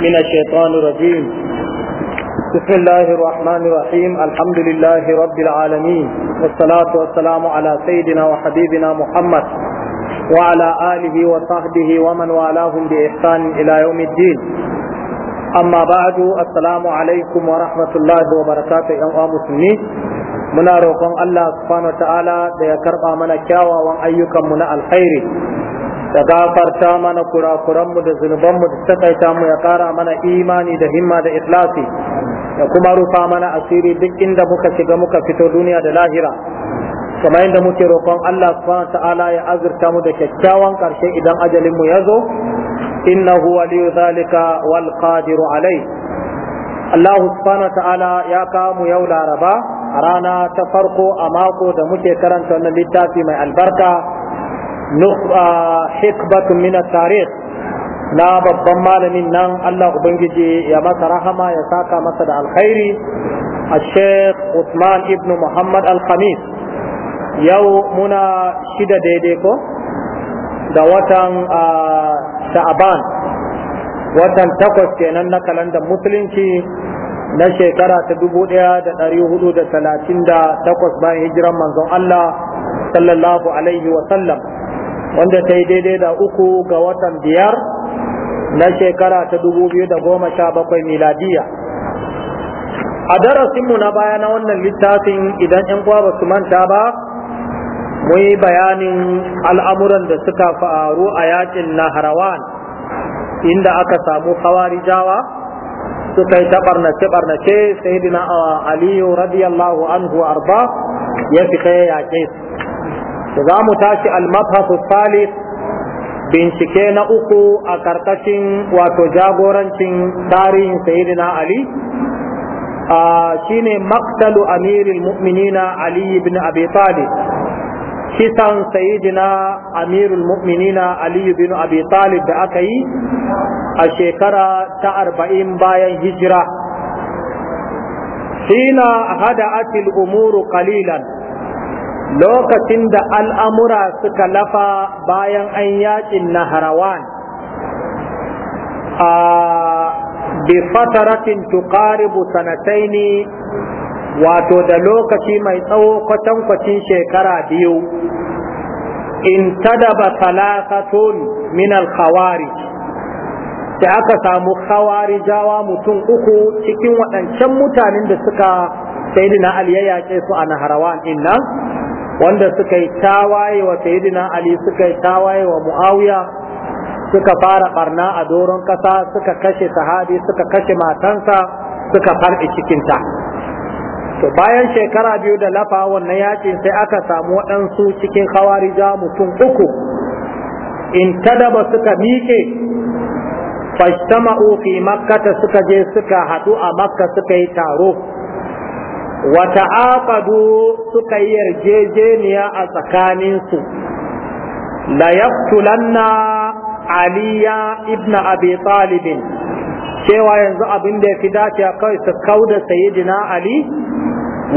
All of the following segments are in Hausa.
من الشيطان الرجيم بسم الله الرحمن الرحيم الحمد لله رب العالمين والصلاة والسلام على سيدنا وحبيبنا محمد وعلى آله وصحبه ومن والاهم بإحسان إلى يوم الدين أما بعد السلام عليكم ورحمة الله وبركاته يا مسلمين منا روكم الله سبحانه وتعالى ديكرب ya karɓa وأيكم kyawawan الخير da gafarta mana kurakuranmu da zunubanmu da takaita mu ya kara mana imani da himma da ikhlasi ya kuma rufa mana asiri duk inda muka shiga muka fito duniya da lahira kamar yadda muke roƙon Allah subhanahu ta'ala ya azurta mu da kyakkyawan ƙarshe idan ajalin mu ya zo innahu waliyu zalika wal qadiru alai Allah subhanahu ta'ala ya kawo mu yau laraba a rana ta farko a mako da muke karanta wannan littafi mai albarka hikbatu min tarikh na babban malamin nan Allah ubangiji ya masa rahama ya saka masa da alkhairi a sheikh Usman ibn Muhammad al-Khamis yau muna shida daidai ko da watan ah, sha'aban watan takwas kenan na kalandar musulunci na shekara ta dubu ɗaya da dari hudu da talatin da takwas bayan hijiran manzon Allah sallallahu alaihi wa sallam wanda ta yi daidai da uku ga watan biyar na shekara ta dubu biyu da goma sha bakwai miladiya a darasinmu na baya na wannan littafin idan yan uwa ba su manta ba mu yi bayanin al'amuran da suka faru a yakin naharawan inda aka samu kawari jawa suka yi ta barnace-barnace sai uh, aliyu radiyallahu anhu arba ya fi ya yake za mu tashi almabhasu salis bincike na uku a karkashin wato jagorancin tarihin sayyidina ali shine maktalu amiril mu'minina ali ibn abi talib kisan sayyidina amirul mu'minina ali ibn abi talib da aka yi a shekara ta arba'in bayan hijira hina hada'atil umuru qalilan lokacin da al'amura suka lafa bayan an yaƙin na harawan a bifataratin tuƙaribu sanatai ne wato da lokaci mai tsawo kwatankwacin shekara biyu in tadaba talakatun min alkhawarij da aka samu jawa mutum uku cikin waɗancan mutanen da suka sayi na aliyayyace su a naharawan din nan wanda suka yi tawaye wa sayyidina ali suka yi tawaye wa muawiya suka fara barna a doron kasa suka kashe sahabi suka kashe matansa suka farɗi cikinta to bayan shekara biyu da lafa wannan yakin sai aka samu waɗansu cikin khawarija mutum uku in tadaba suka miƙe fashtama'u fi makkata suka je suka haɗu a makka suka yi taro wa ta'aqadu suka yi yarjejeniya a tsakaninsu la yaqtulanna aliya ibn abi talib cewa yanzu abin da yafi dace kawai su kauda sayyidina ali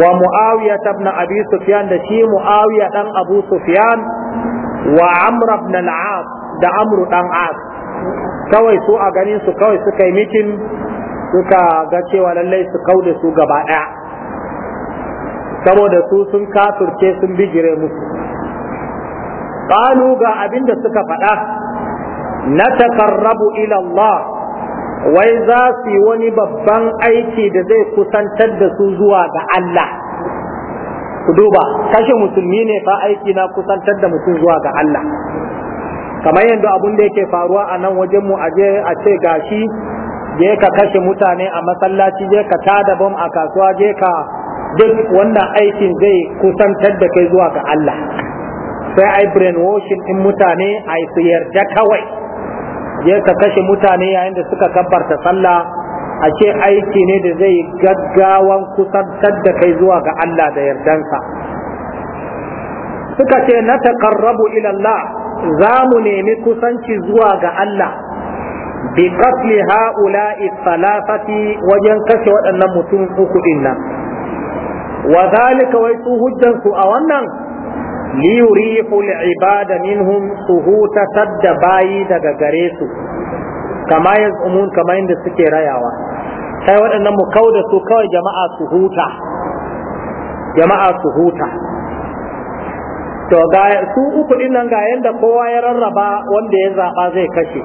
wa muawiya ibn abi sufyan da shi muawiya dan abu sufyan wa amr ibn al-as da amru dan as kawai su a ganin su kawai suka yi mitin suka ga cewa lallai su kauda su gaba daya saboda su sun kafirce sun bigire musu qalu ga abin da suka faɗa na takarrabu ila Allah wai za su yi wani babban aiki da zai kusantar da su zuwa ga Allah ku duba kashe musulmi ne fa aiki na kusantar da mutum zuwa ga Allah kamar yadda abun da yake faruwa a nan wajen mu aje a ce gashi je ka kashe mutane a masallaci je ka tada bom a kasuwa je ka duk wannan aikin zai kusantar da kai zuwa ga Allah sai ai washing din mutane a su yarda kawai je ka kashe mutane yayin da suka kabbarta sallah a ce aiki ne da zai gaggawan kusantar da kai zuwa ga Allah da yardansa suka ce na taqarrabu ila Allah za mu nemi kusanci zuwa ga Allah bi qatli ha'ula'i salafati wajen kashe waɗannan mutum uku din wa zalika wai su hujjan su a wannan liyurihu al'ibada minhum suhuta tadda bayi daga gare su kama yazumun kama inda suke rayawa sai waɗannan mu kauda su kawai jama'a su huta jama'a su huta to ga su uku din nan ga yanda kowa ya rarraba wanda ya zaba zai kashe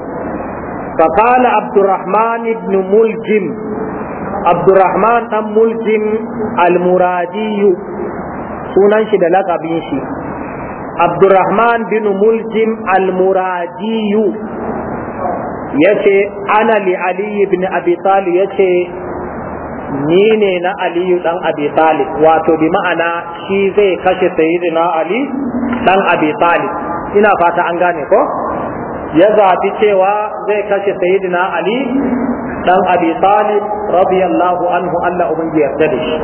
fa qala abdurrahman ibn muljim abdurrahman dan mulkin almuradiyu sunan shi da lakabin shi abdurrahman bin mulkin almuradiyu yace ana li ali ibn abi talib yace ni ne na aliyu dan abi wato bi ma'ana shi zai kashe sayyidina ali dan abi ina fata an gane ko ya zaɓi cewa zai kashe sayyidina ali dan abi talib radiyallahu anhu Allah yarda da shi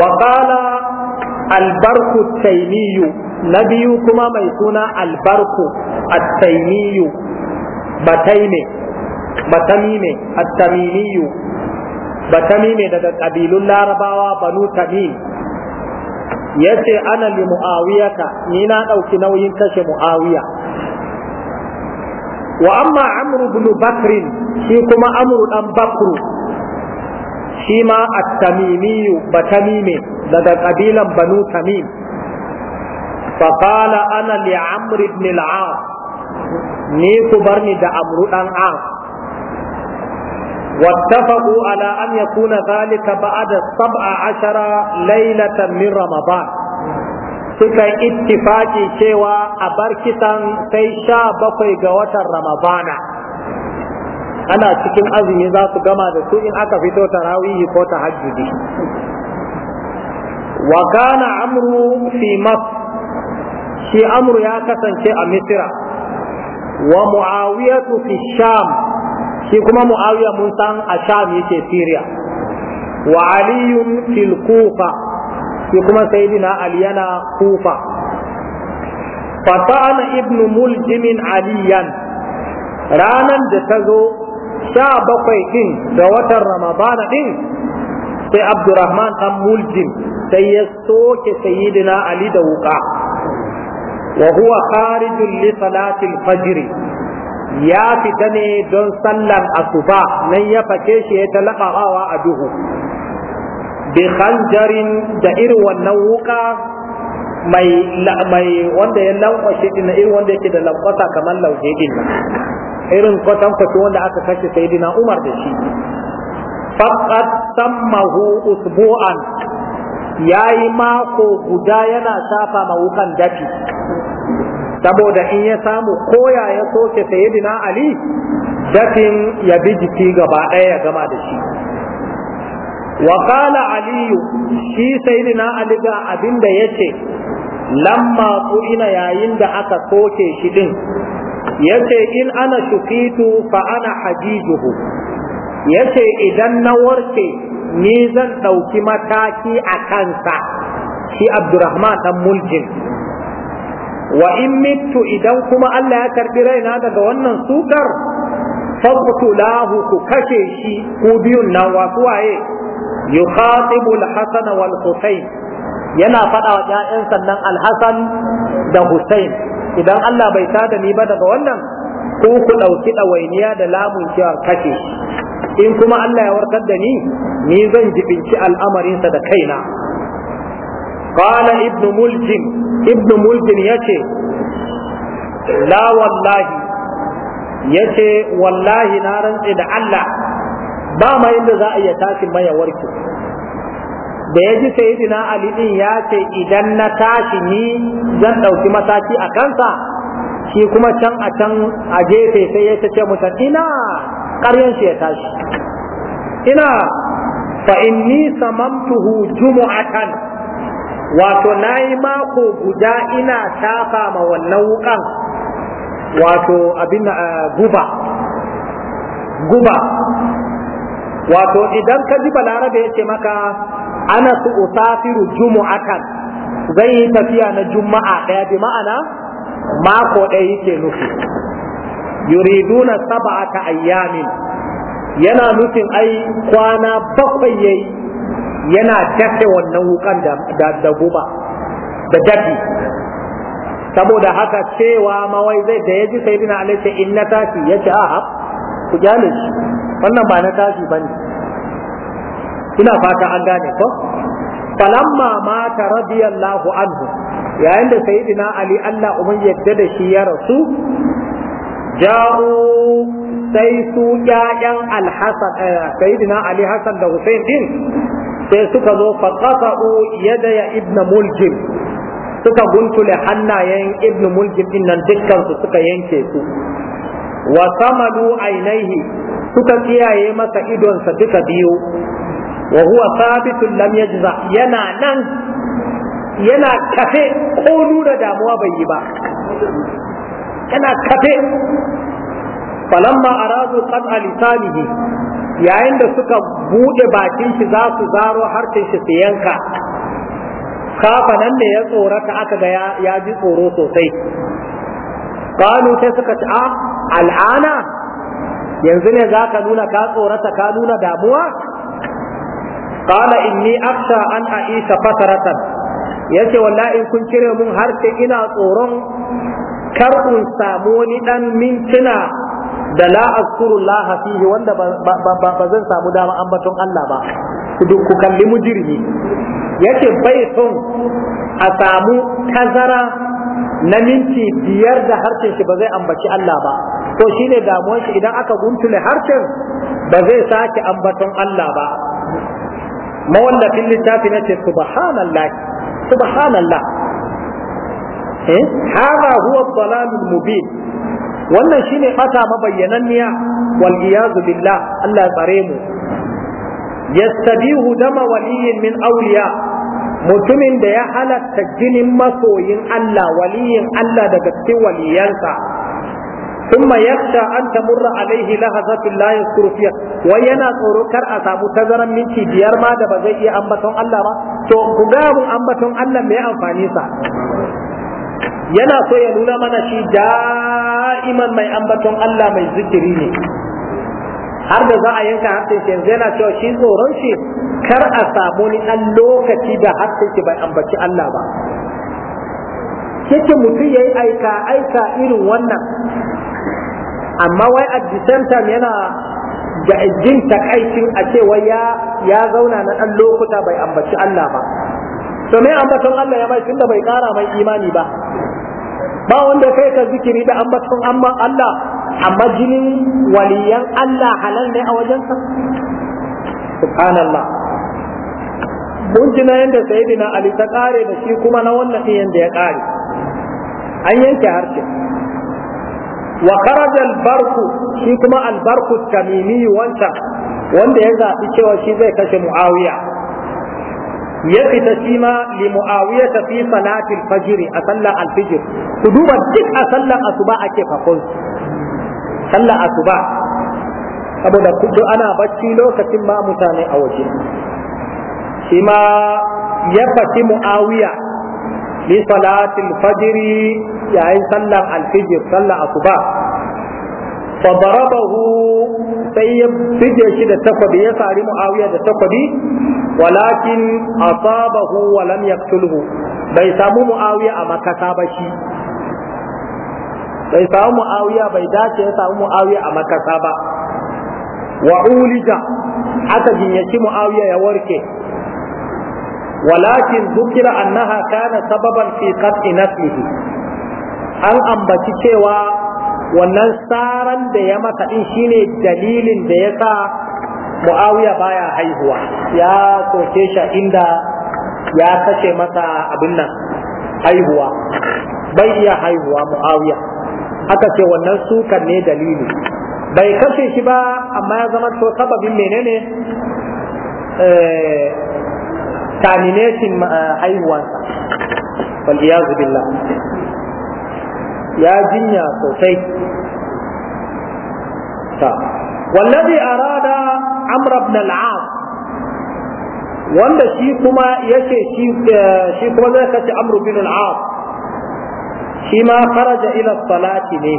wa qala albarku taymiyu na biyu kuma mai suna albarku at-taymiyu bataime batamime at-tamimiyu batamime daga kabilun larabawa banu tamim yace ana li muawiyata ni na ɗauki nauyin kashe muawiya wa amma amr ibn shi kuma amru dan bakru shi ma at-tamimi batamime daga kabilan banu tamim fa qala ana li amr ibn al ni ku barni da amru dan as واتفقوا على أن يكون ذلك بعد سبع عشر ليلة من رمضان suka ittifaki cewa a bar kisan sai sha bakwai ga watan ramadana ana cikin azumi za su gama da su in aka fito tarawihi ko tahajjudi wa kana amru fi shi amru ya kasance a misira wa muawiyatu Fisham. shi kuma muawiya mun san a sham yake syria wa Aliyu fil kufa shi kuma sayyidina ali yana kufa fata'ana ibnu muljimin aliyan ranan da ta zo sha bakwai din da watan ramadana din sai abdurrahman dan muljim sai ya soke sayyidina ali da wuka wa huwa kharijun li salatil fajr ya fita ne don sallar asuba nan ya fake shi ya talabawa a duhu bi khanjarin da irin wannan wuka mai mai wanda ya lankwashe din irin wanda yake da lankwasa kamar lauje din irin kwatan kwato wanda aka kashe sayyidina Umar da shi faqat sammahu usbu'an yayi mako guda yana safa ma wukan dafi saboda in ya samu koya ya soke sayyidina ali dakin ya bi jiki gaba ɗaya ya gama da shi wa qala aliyu shi sayyidina ali ga abin da yace lamma ina yayin da aka soke shi din yace in ana shukitu fa ana hajijuhu yace idan na warke ni zan ɗauki mataki a kansa shi abdurrahman dan mulkin wa in mitu idan kuma Allah ya karbi raina daga wannan sukar faqtulahu ku kashe shi ku biyun nan wasu waye yukhatibu al-hasan wal husayn yana faɗa wa ƴaƴan sannan al-hasan da husayn idan Allah bai da ni ba daga wannan ko ku ɗauki ɗawainiya da lamun cewa kashe in kuma Allah ya warkar da ni ni zan jibinci al'amarinsa da kaina qala ibnu Mulkin. ibn mulkin ya ce la wallahi na rantse da Allah ba ma yadda za a iya tashi maya warke da ya ji sayidina ali din ya ce idan na tashi ni zan ɗauki mataki a kansa shi kuma can a can a gefe sai ya ce mutan ina ƙaryan shi ya tashi ina fa inni samamtuhu jumu'atan wato na yi mako guda ina tafa ma wannan wukan wato abin ah, guba guba wato idan ka ji balarabe ya ce maka ana su usafiru jumu'atan zai yi tafiya na juma'a ɗaya bi ma'ana mako ɗaya yake nufi yuriduna saba'ata ayyamin yana nufin ai kwana bakwai yayi yana dafe wannan wukan da guba da dafi saboda haka cewa mawai zai da ya ji sai dina alaita in na tashi ya ce a'a ku kyale shi wannan ba na tashi ba ne ina fata an gane ko falamma mata radiyallahu anhu yayin da sayyidina ali Allah uban yadda da shi ya rasu ja'u sai su ƴaƴan alhasan eh, sayyidina ali hasan da Hussein din sai suka zo yadda ya ibna muljim suka guntule hannayen ibnu muljim din nan dukkan suka yanke su wa samadu ainihi suka kiyaye masa idonsa duka biyu wa huwa sabitun lam yajza yana nan yana kafe ko nuna damuwa bai yi ba yana kafe falamma aradu qad alisanihi yayin da suka buɗe bakin shi za su zaro harshen shi su yanka kafa nan ne ya tsorata aka ga ya ji tsoro sosai kanu sai suka ci ah, al'ana yanzu ne za ka nuna ka tsorata ka nuna damuwa kala inni aksha an aisha fataratan yace wallahi in kun cire mun harshe ina tsoron kar in samu wani dan mintuna da la Allah fihi wanda ba zan samu dama ambaton Allah ba duk ku kalli mujrimi yace bai son a samu tazara na minti biyar da harshen shi ba zai ambaci Allah ba to shine damuwar shi idan aka guntule harshen ba zai sake ambaton Allah ba mawallafin littafi na ce subhanallah subhanallah eh hada huwa dalalul mubin wannan shine bata mabayyananniya wal iyazu billah Allah tsare mu yastabihu dama waliyin min awliya mutumin da ya halatta jinin masoyin Allah waliyin Allah daga cikin waliyansa ثم يخشى أن تمر عليه لحظة لا يذكر فيها وينا توركر أصاب تزرا من تبير ما ba? أمبتون الله ما تو قدام Allah الله ما أنفانيسا yana so ya nuna mana shi da'iman mai ambaton Allah mai zikiri ne har da za a yanka harshen shi yanzu yana cewa shi tsoron shi kar a samu ni ɗan lokaci da harshen shi bai ambaci Allah ba yake mutum ya yi aika aika irin wannan amma wai a yana da jin takaicin a cewa wai ya zauna na ɗan lokuta bai ambaci Allah ba to me ambaton Allah ya mai tunda bai kara mai imani ba ba wanda kai ka zikiri da ambaton amma Allah amma jinin waliyan Allah halal ne a wajensa subhanallah mun ji na yanda sayyidina Ali ta kare da shi kuma na wannan yanda ya kare an yanke harshe wa kharaja al-barku shi kuma albarku barku tamimi wanda ya zaɓi cewa shi zai kashe Muawiya ya fita shi ma li muawiya ta fi salatil fajr a sallar alfijir ku duba duk a sallar asuba ake fakon sallar asuba saboda kudu ana bacci lokacin ma mutane a waje shi ma ya fati muawiya li salatil fajr yayin sallar alfijir sallar asuba fa darabahu sai ya bige shi da takwabi ya sari muawiya da takwabi walakin asabahu wa lam bai samu muawiya a makasa ba shi bai samu muawiya bai dace ya samu muawiya a makasa ba wa aka jinyaci muawiya ya warke walakin zukira annaha kana sababan fi an ambaci cewa wannan tsaran da ya masa din shine dalilin da ya sa muawiya baya haihuwa ya soke shi inda ya kashe masa abin nan haihuwa bai iya haihuwa muawiya aka ce wannan sukan ne dalili bai kashe shi ba amma ya zama to sababin menene eh, termination eh, haihuwansa wal iyazu billah ya jinya sosai ta wallazi arada amr ibn al-as wanda shi kuma yace shi eh, shi kuma zai kace amr ibn al-as shi ma faraja ila salati ne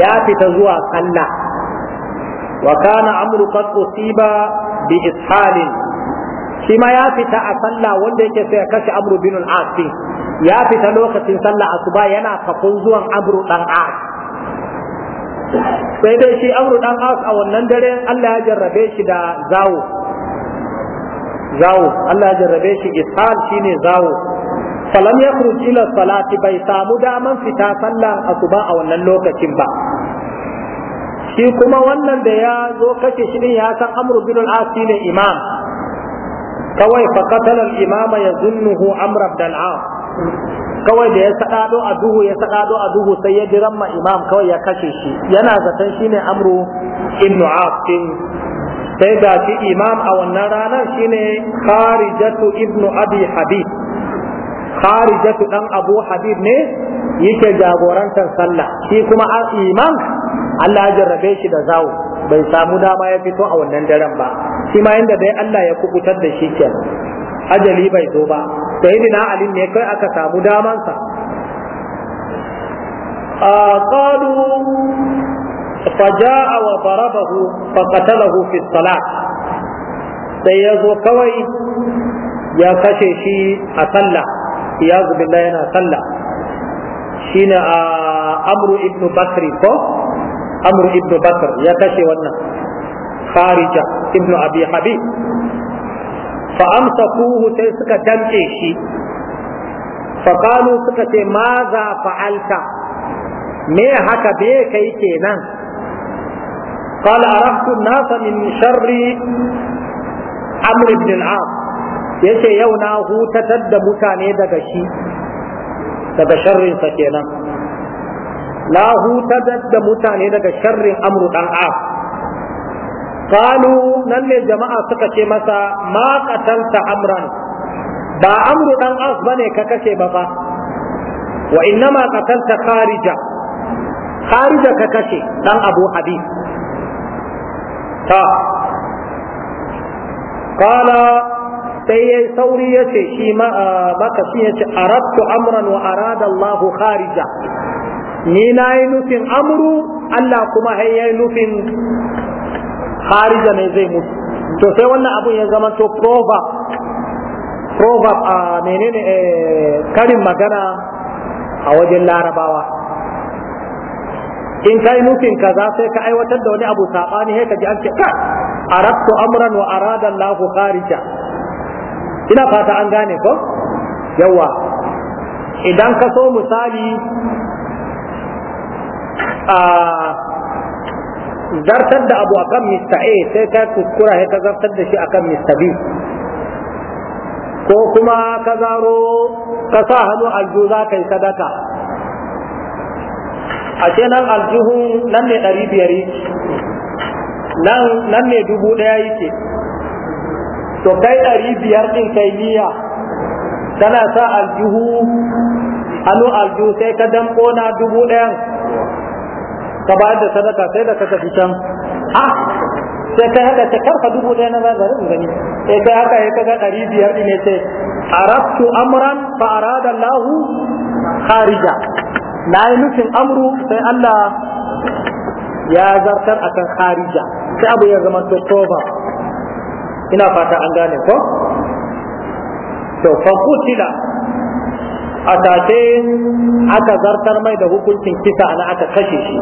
ya fita zuwa sallah wa kana amru qad usiba bi ishalin shi ma ya fita a sallah wanda yake sai ya kashe amru bin al-as ya fita lokacin sallah asuba yana fakon zuwan amru dan as sai dai shi amru dan as a wannan dare Allah ya jarrabe shi da zawo zawo Allah ya jarrabe shi ishal shine zawo falam yakhruj ila salati bai samu daman fita sallan asuba a wannan lokacin ba shi kuma wannan da ya zo kashe shi ne ya san amru bin al-as shine imam kawai fa qatala al-imama yazunnuhu amr ibn al-as kawai da ya sadado a duhu ya sadado a duhu sai ya jiran ma imam kawai ya kashe shi yana zaton shine amru ibn aqim sai ga shi imam a wannan ranar shine kharijatu ibn abi habib kharijatu dan abu habib ne yake jagorantar sallah shi kuma imam Allah ya jarrabe shi da zawo bai samu dama ya fito a wannan daren ba shi ma yanda dai Allah ya kubutar da shi kenan ajali bai zo ba da ni na alim ne kai aka samu daman sa qalu faja'a wa farabahu fa qatalahu fi salat sai yazo kawai ya kashe shi a sallah ya billahi yana sallah shine a amru ibnu bakr ko amru ibnu bakr ya kashe wannan kharija ibnu abi fa amsakuhu sai suka damke shi fa qalu suka ce ma za fa'alta me haka be kai kenan qala araftu an-nasa min sharri amr ibn al-as yace yau na hutatar da mutane daga shi daga sharrin sa kenan na hutatar da mutane daga sharrin amru dan as qalu nan ne jama'a suka ce masa ma qatalta amran ba amru dan as bane ka kashe ba fa wa innama qatalta kharija kharija ka kashe dan abu habib ta qala sai yayi sauri yace shi ma baka shi yace aradtu amran wa arada Allahu kharija ni na yi nufin amru Allah kuma har ya nufin kharija ne zai mutu to sai wannan abun ya zama to proverb proverb a menene eh, karin magana a wajen larabawa in kai nufin kaza sai ka aiwatar da wani abu sabani sai ka ji an ce ka arabtu amran wa arada Allahu kharija ina fata an gane ko yawa idan ka so misali a zartar da abu akan Mr. A sai ka kuskura sai ka zartar da shi akan Mr. B ko kuma ka zaro ka sa hannu aljihu za ka yi sadaka ashe nan aljihu nan ne ɗari biyar yake nan ne dubu ɗaya yake to kai ɗari biyar ɗin kai niyya tana sa aljihu hannu aljihu sai ka damƙona na dubu ɗayan ka bayar da sadaka sai da ka tafi can a sai kai haka ta karfa dubu ɗaya na zazarin in gani sai kai haka ya kaga ɗari biyar ne sai arabtu amran fa arada Allah kharija na yi nufin amru sai Allah ya zartar akan kharija sai abu ya zama to ina fata an gane ko to fa kutila a aka zartar mai da hukuncin kisa ana aka kashe shi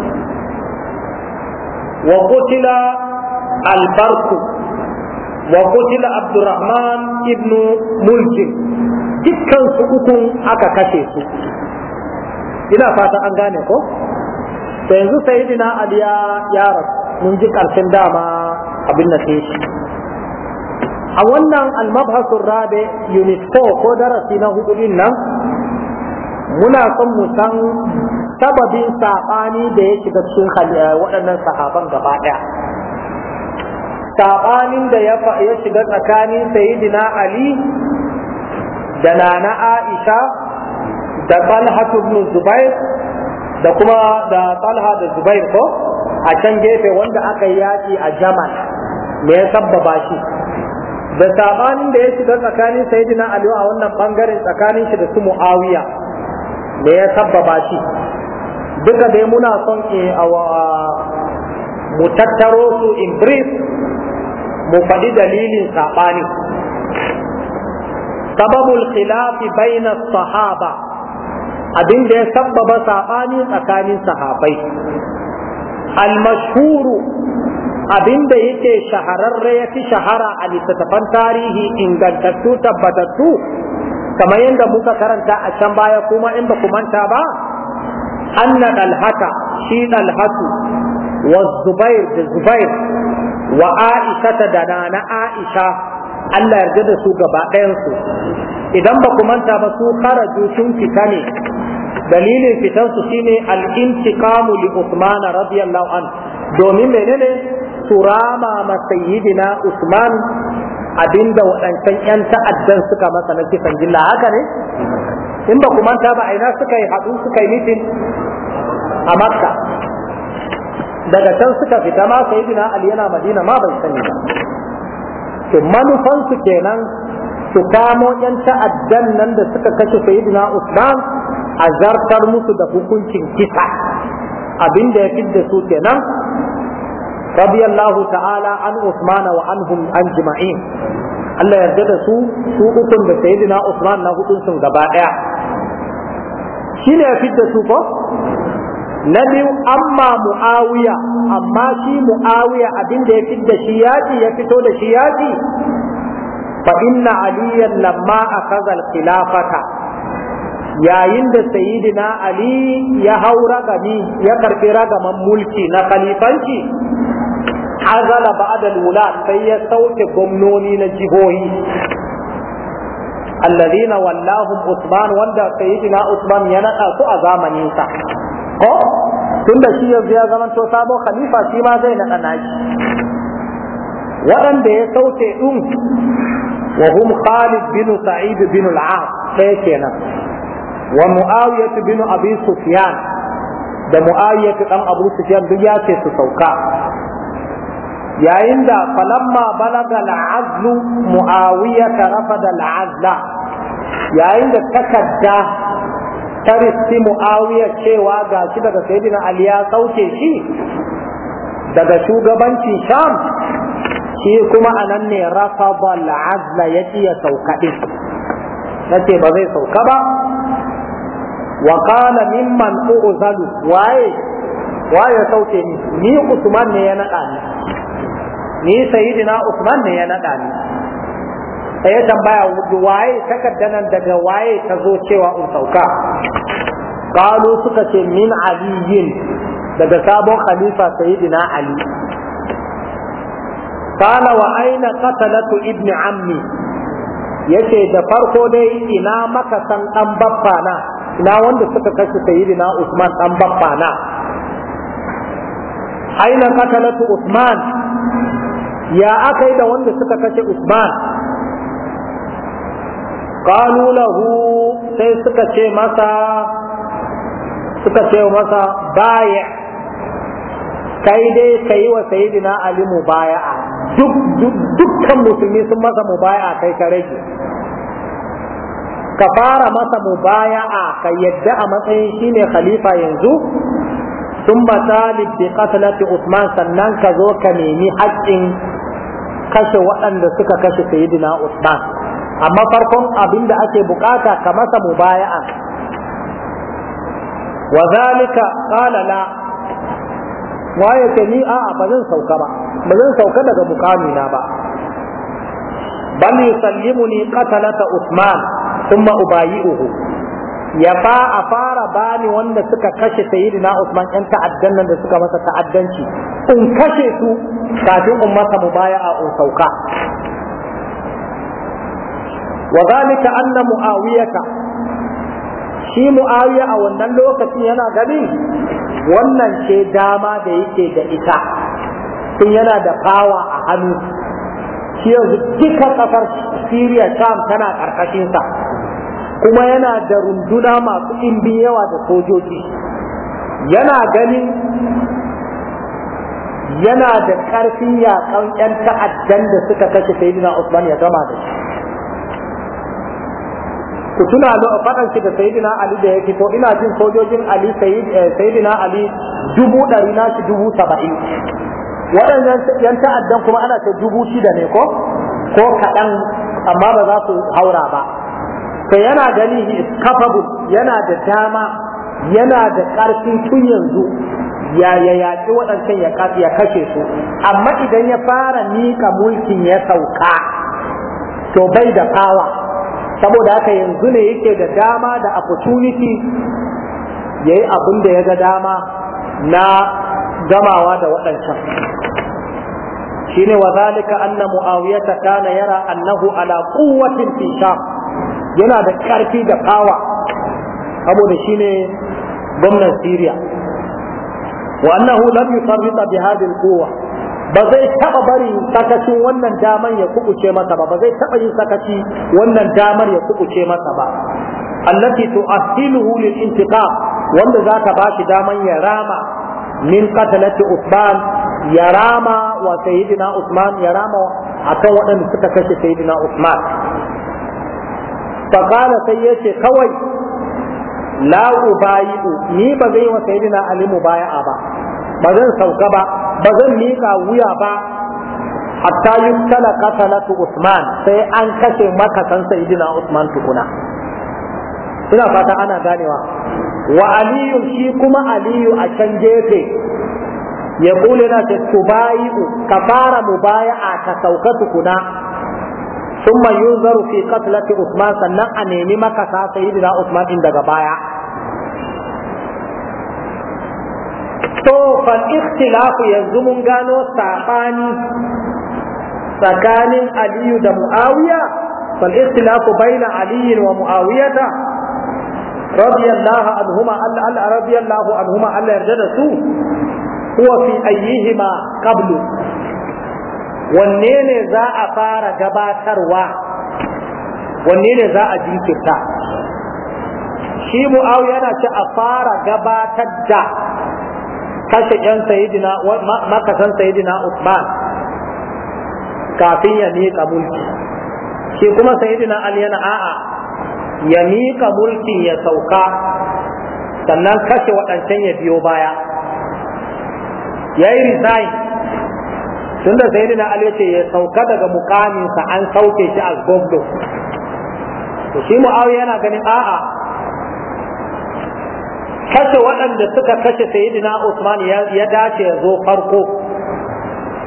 wa kutila albarku wa qutila abdurrahman ibn mulkin dukkan su uku aka kashe su ina fata an gane ko to yanzu sayyidina ali ya yara mun ji karfin dama abin da shi a wannan almabhasun rabe unesco ko darasi na hudu nan muna son mu san sababin saɓani da ya shiga cikin eh, waɗannan sahaban gaba ɗaya saɓanin da ya shiga tsakanin sayidina ali da nana aisha da talha ibn zubair da kuma da talha da zubair ko a can gefe wanda aka yi yaƙi a jamal me ya sabbaba shi da saɓanin da ya shiga tsakanin sayidina ali a wannan ɓangaren tsakanin shi da su mu'awiya me ya sabbaba shi duka dai muna son eh, awa mu tattaro su in brief mu faɗi dalilin saɓani sababul khilafi baina sahaba abin da ya sabbaba saɓani tsakanin sahabai almashuru abin da yake shahararre ya fi shahara a littattafan tarihi ingantattu tabbatattu kamar yadda muka karanta a can baya kuma in ba ku manta ba anna dalhata shi dalhatu wa zubair da zubair wa aisha da nana aisha Allah yarda da su gaba ɗayansu idan ba ku manta ba su karaju sun fita ne dalilin fitansu shine al-intiqamu li Uthman radiyallahu domin menene turama ma sayyidina Uthman abinda waɗancan 'yan ta'addan suka masa na kisan gilla haka ne in ba ku manta ba ina suka yi haɗu suka yi mitin a makka daga can suka fita ma sayyidina ali yana madina ma bai sani ba to manufan su kenan su kamo yan ta'addan nan da suka kashe sayyidina usman a zartar musu da hukuncin kisa abin da ya fidda su kenan radiyallahu ta'ala an Usman wa anhum an jima'in Allah yarda da su su ukun da sayyidina Usman na hudun gabaɗaya gaba daya shine ya fidda su ko na biyu amma mu'awiya amma shi mu'awiya abin da ya fi da shi yaƙi ya fito da shi yaƙi fa inna aliyan lamma akhadha al yayin da sayyidina ali ya haura gami ya karɓi ragaman mulki na khalifanci azala ba'da da lula sai ya sauke gwamnoni na jihohi alladhina wallahum usman wanda sayyidina usman ya naɗa su a zamaninsa ko tunda shi yanzu ya zamanto sabo khalifa shi ma zai naɗa nashi waɗanda ya sauke ɗin wa hum Khalid bin Sa'id bin al-As sai kenan wa Muawiyah bin Abi Sufyan da Muawiyah dan Abu Sufyan duk ya ce su sauka yayin da falamma balaga al-azl Muawiyah rafada al-azla yayin da takadda taristi mu'awiya cewa ga shi daga sayyidina ali ya sauke shi daga shugabancin sham shi kuma a nan ne Rafa azla ya ya sauka din ce ba zai sauka ba wa qala mimman uzalu waye waye sauke ni ni usman ne ya naɗa ni ni sayyidina usman ne ya naɗa ni sai ya tambaya waye takaddanan daga waye ta zo cewa in sauka kalu suka ce min aliyin daga sabon khalifa sayyidina ali kana wa aina qatalatu ibni ammi yace da farko dai ina maka san dan babba na ina wanda suka kashe sayyidina usman dan babba na aina qatalatu usman ya akai da wanda suka kashe usman qalu lahu sai suka ce masa suka ce masa baya kai dai kai wa sayyidina ali mubaya'a duk dukkan musulmi sun masa mubaya'a kai ka rage ka fara masa mubaya'a ka yadda a matsayin shine khalifa yanzu sun talib bi qatlati Usman sannan ka zo ka nemi haƙƙin kashe waɗanda suka kashe sayyidina Usman amma farkon abin da ake bukata ka masa baya'a. wa zalika qala la waye ce ni a'a ba zan sauka ba ba zan sauka daga mukamina ba bal yusallimuni qatalata usman thumma ubayi'uhu ya fa a fara bani wanda suka kashe sayyidina usman yan ta'addan nan da suka masa ta'addanci in kashe su kafin in masa mubaya'a in sauka wa zalika anna mu'awiyata shi mu'awiya a wannan lokacin yana gani wannan ce dama da yake da ita tun yana da fawa a hannu shi yanzu duka kasar Syria Sham tana karkashinsa kuma yana da runduna masu ɗimbin yawa da sojoji yana ganin yana da karfin yaƙan 'yan ta'addan da suka kashe Sayyidina Usman ya gama da shi ku tuna faɗan shi da sayyidina ali da ya to ina jin sojojin ali eh, Sayyidina ali dubu ɗari na shi dubu saba'in waɗannan yan ta'addan kuma ana ta dubu shida ne ko ko kaɗan amma ba za su haura ba sai yana gani kafabu yana da dama yana da ƙarfin tun yanzu ya ya yaƙi waɗancan ya kashe su amma idan ya fara mika mulkin ya sauka to bai da fawa saboda haka yanzu ne yake da dama da opportunity ya yi abin da ya ga dama na gamawa da waɗancan shine wa zalika anna muawiyata kana yara annahu ala quwwatin fi sham yana da ƙarfi da kawa saboda shine gwamnan Syria wa annahu lam yusarrita bi hadhihi al ba zai taba bari sakacin wannan damar ya kubuce masa ba ba zai taba yin sakaci wannan damar ya kubuce masa ba allati tu'ahiluhu lil intiqam wanda zaka bashi daman ya rama min qatalati Usman, ya rama wa sayyidina Usman, ya rama akan waɗanda suka kashe sayyidina usman faqala sai yace kawai la ubayi ni ba zai wa sayyidina Ali mubaya'a ba ba zan sauka ba ba zan miƙa wuya ba hatta yuktala tu Usman sai an kashe makasan dina Usman tukuna ina fata ana ganewa wa aliyu shi kuma aliyu a can gefe ya kule na ce tubayi'u ka fara mubaya'a ka sauka tukuna summa yuzaru fi qatlati Usman sannan a nemi makasa dina Usman din daga baya to fal ikhtilafu yanzu mun gano sabani tsakanin aliyu da muawiya fal ikhtilafu baina Aliyu wa muawiyata radiyallahu anhuma Allah radiyallahu anhuma Allah yarda da su huwa fi ayyihima qablu wanne ne za a fara gabatarwa wanne ne za a jinkirta shi mu'awiya yana ce a fara gabatar da kashe yan sayidina makasan sayidina Usman kafin ya miƙa mulki shi kuma sayidina Ali yana a'a ya miƙa mulki ya sauka sannan kashe waɗancan ya biyo baya ya yi resign tunda sayidina Ali ce ya sauka daga mukaminsa an sauke shi a gwamnati to shi mu'awiya yana ganin a'a kashe waɗanda suka kashe sayyidina Usman ya dace ya zo farko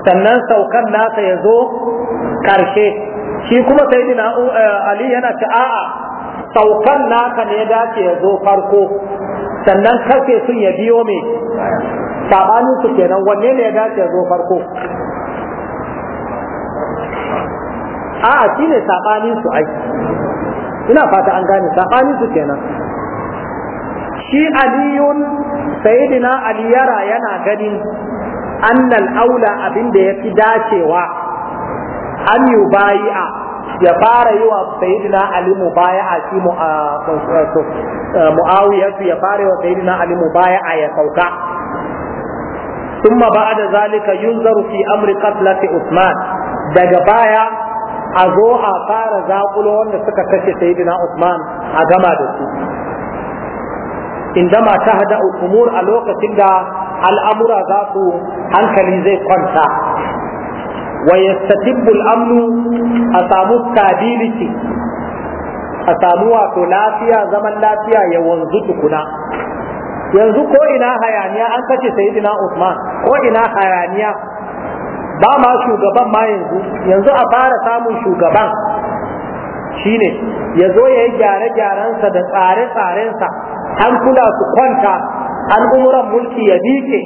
sannan saukan nasa ya zo ƙarshe shi kuma sayyidina eh, Ali yana ta a'a saukan naka ne ya dace ya zo farko sannan kashe sun ya biyo me sabanin su kenan wanne ne ya dace ya zo farko a'a shine sabanin su ai ina fata an gane sabanin su kenan shi aliyun sayyidina ali yara yana ganin annal aula abin da yafi dacewa an yubayi'a ya fara yi wa sayyidina ali a shi mu'awiyatu ya fara yi wa sayyidina ali a ya sauka ثم بعد ذلك ينظر في أمر قتلة عثمان daga baya a zo a fara zakulo wanda suka kashe sayyidina Usman a gama da su indama ta hada umur a lokacin da al'amura za su hankali zai kwanta wa yastatibbul amnu a samu stability a samu wato lafiya zaman lafiya ya wanzu tukuna yanzu ko ina hayaniya an kace sayyidina Usman ko ina hayaniya ba ma shugaban ma yanzu yanzu a fara samun shugaban shine ya zo ya yi gyare-gyarensa da tsare-tsarensa an kula su kwanta an umuran mulki ya dike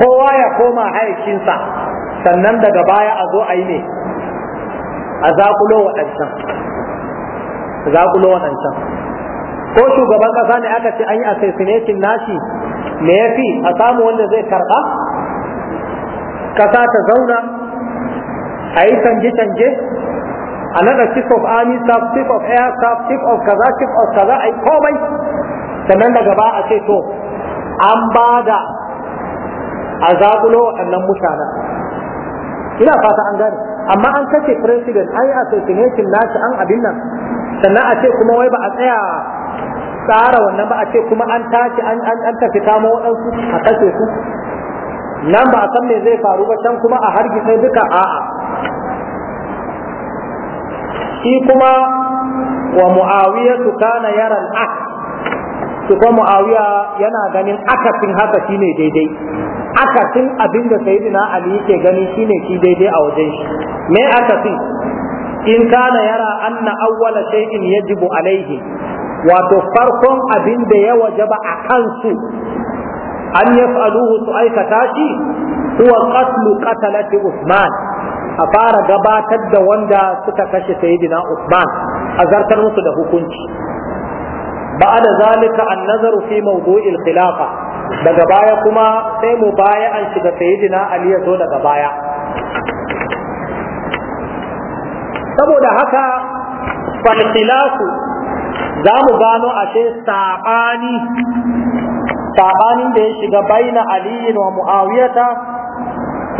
kowa ya koma hayacinsa sannan daga baya a zo a yi ne a zakulo waɗancan zakulo waɗancan ko shugaban ƙasa ne aka ce an yi assassinating nashi me ya fi a samu wanda zai karɓa ƙasa ta zauna a yi canje-canje a naɗa chief of army staff chief of air staff chief of kaza chief of kaza a yi komai sannan daga ba a ce to an ba da a zaƙulo waɗannan mutanen ina fata an gani. amma an kace president an yi assassination nashi an abin nan sannan a ce kuma wai ba a tsaya tsara wannan ba a ce kuma an tashi an an tafi kama waɗansu a kashe su nan ba a san me zai faru ba can kuma a hargitsa duka a'a shi kuma wa mu'awiyatu kana yaran ak Su ko muawiya yana ganin akasin haka shine daidai akasin abin da sayyidina ali yake gani shine shi daidai a wajen shi me akasin in kana yara anna awwala shay'in yajibu alaihi wato farkon abin da ya wajaba a su, an yaf'aluhu su aikata shi huwa qatlu qatalati usman a fara gabatar da wanda suka kashe sayyidina usman a zartar musu da hukunci بعد ذلك النظر في موضوع الخلافة daga baya kuma sai mu baya an shiga sayyidina Ali ya zo daga baya saboda haka falsilasu za mu gano ashe saɓani da ya shiga baina aliyin wa mu'awiyata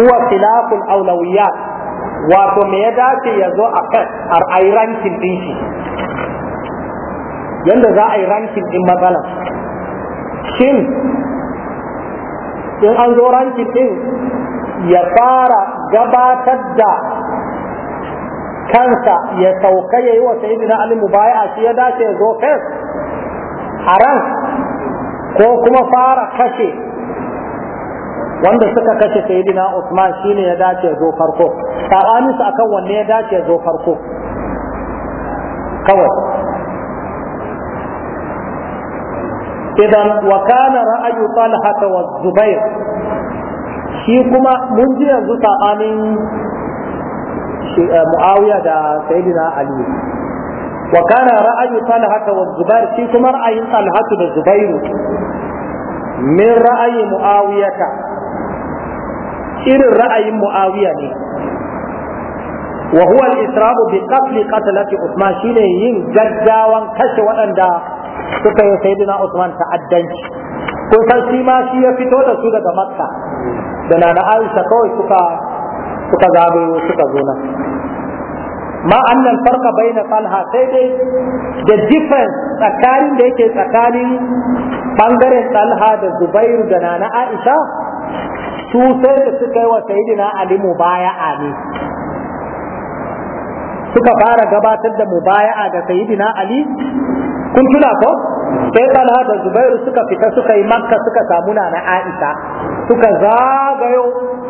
huwa khilaful aulawiyat wato me ya dace ya zo a kan a rankin din yadda za a yi rankin din matsalar shin in an zo rankin din ya fara gabatar da kansa ya sauka ya yi wa sayidina ali mubaya shi ya dace ya zo fes a ran ko kuma fara kashe wanda suka kashe sayidina usman shine ya dace ya zo farko sabaninsu akan wanne ya dace ya zo farko kawai idan wa kana ra'ayu talha wa zubair shi kuma mun ji yanzu sabanin muawiya da sayyidina ali wa kana ra'ayu talha wa zubair shi kuma ra'ayin talha da Zubairu, min ra'ayi muawiyata irin ra'ayin muawiya ne wa huwa bi qatl usman shine yin gaggawan kashe waɗanda suka yi sayyidina Usman ta'addanci kun san shi ma shi ya fito da su daga Makka da nana Aisha kawai suka suka zagayo suka zo nan ma annan farka baina Talha sai dai the difference tsakanin da yake tsakanin bangaren talha da zubairu da nana aisha su sai da suka yi wa Sayyidina ali mubaya'a ne suka fara gabatar da mubaya'a da Sayyidina ali kun tuna ko sai talha da zubairu suka fita suka yi makka suka samu nana na aisha suka zagayo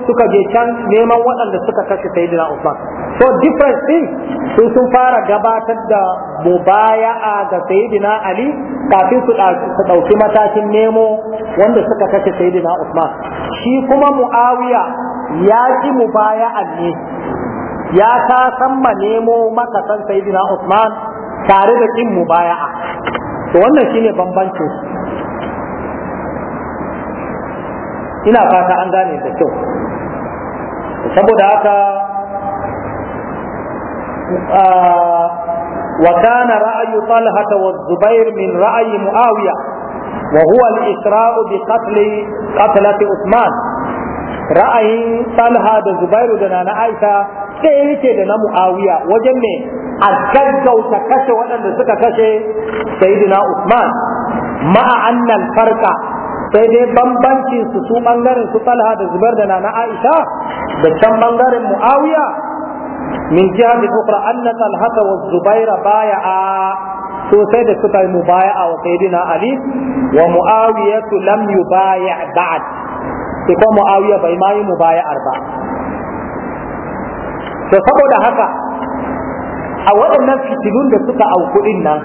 suka je can neman waɗanda suka kashe sayyidina usman so difference din su sun fara gabatar da mubaya'a ga sayyidina ali kafin su ɗauki matakin nemo wanda suka kashe sayyidina usman shi kuma muawiya ya ji mubaya'a ne ya ta samma nemo makasan sayyidina usman Tare da kin mu baya'a. To wannan shine ne bambancin ku. Ina fata an gane da kyau. Saboda haka wa Ghana ra'ayi Faluha ta Zubairu min ra'ayi mu awiya, mahuwani Isra'il da haɗari Uthman, ra'ayi Faluha da Zubairu da na aisa, sai in ce da na mu wajen me. a gaggauta kashe waɗanda suka kashe sayyidina Usman ma'a annal farka sai dai bambancin su su bangaren su Talha da zubar da Nana Aisha da can bangaren Muawiya min da jihar ukra anna Talha wa baya a sosai da suka yi a wa sayyidina Ali wa Muawiyatu lam baya ba'd sai ko Muawiya bai ma yi mubaya'ar arba. Sai saboda haka a waɗannan fitilun da suka auku din nan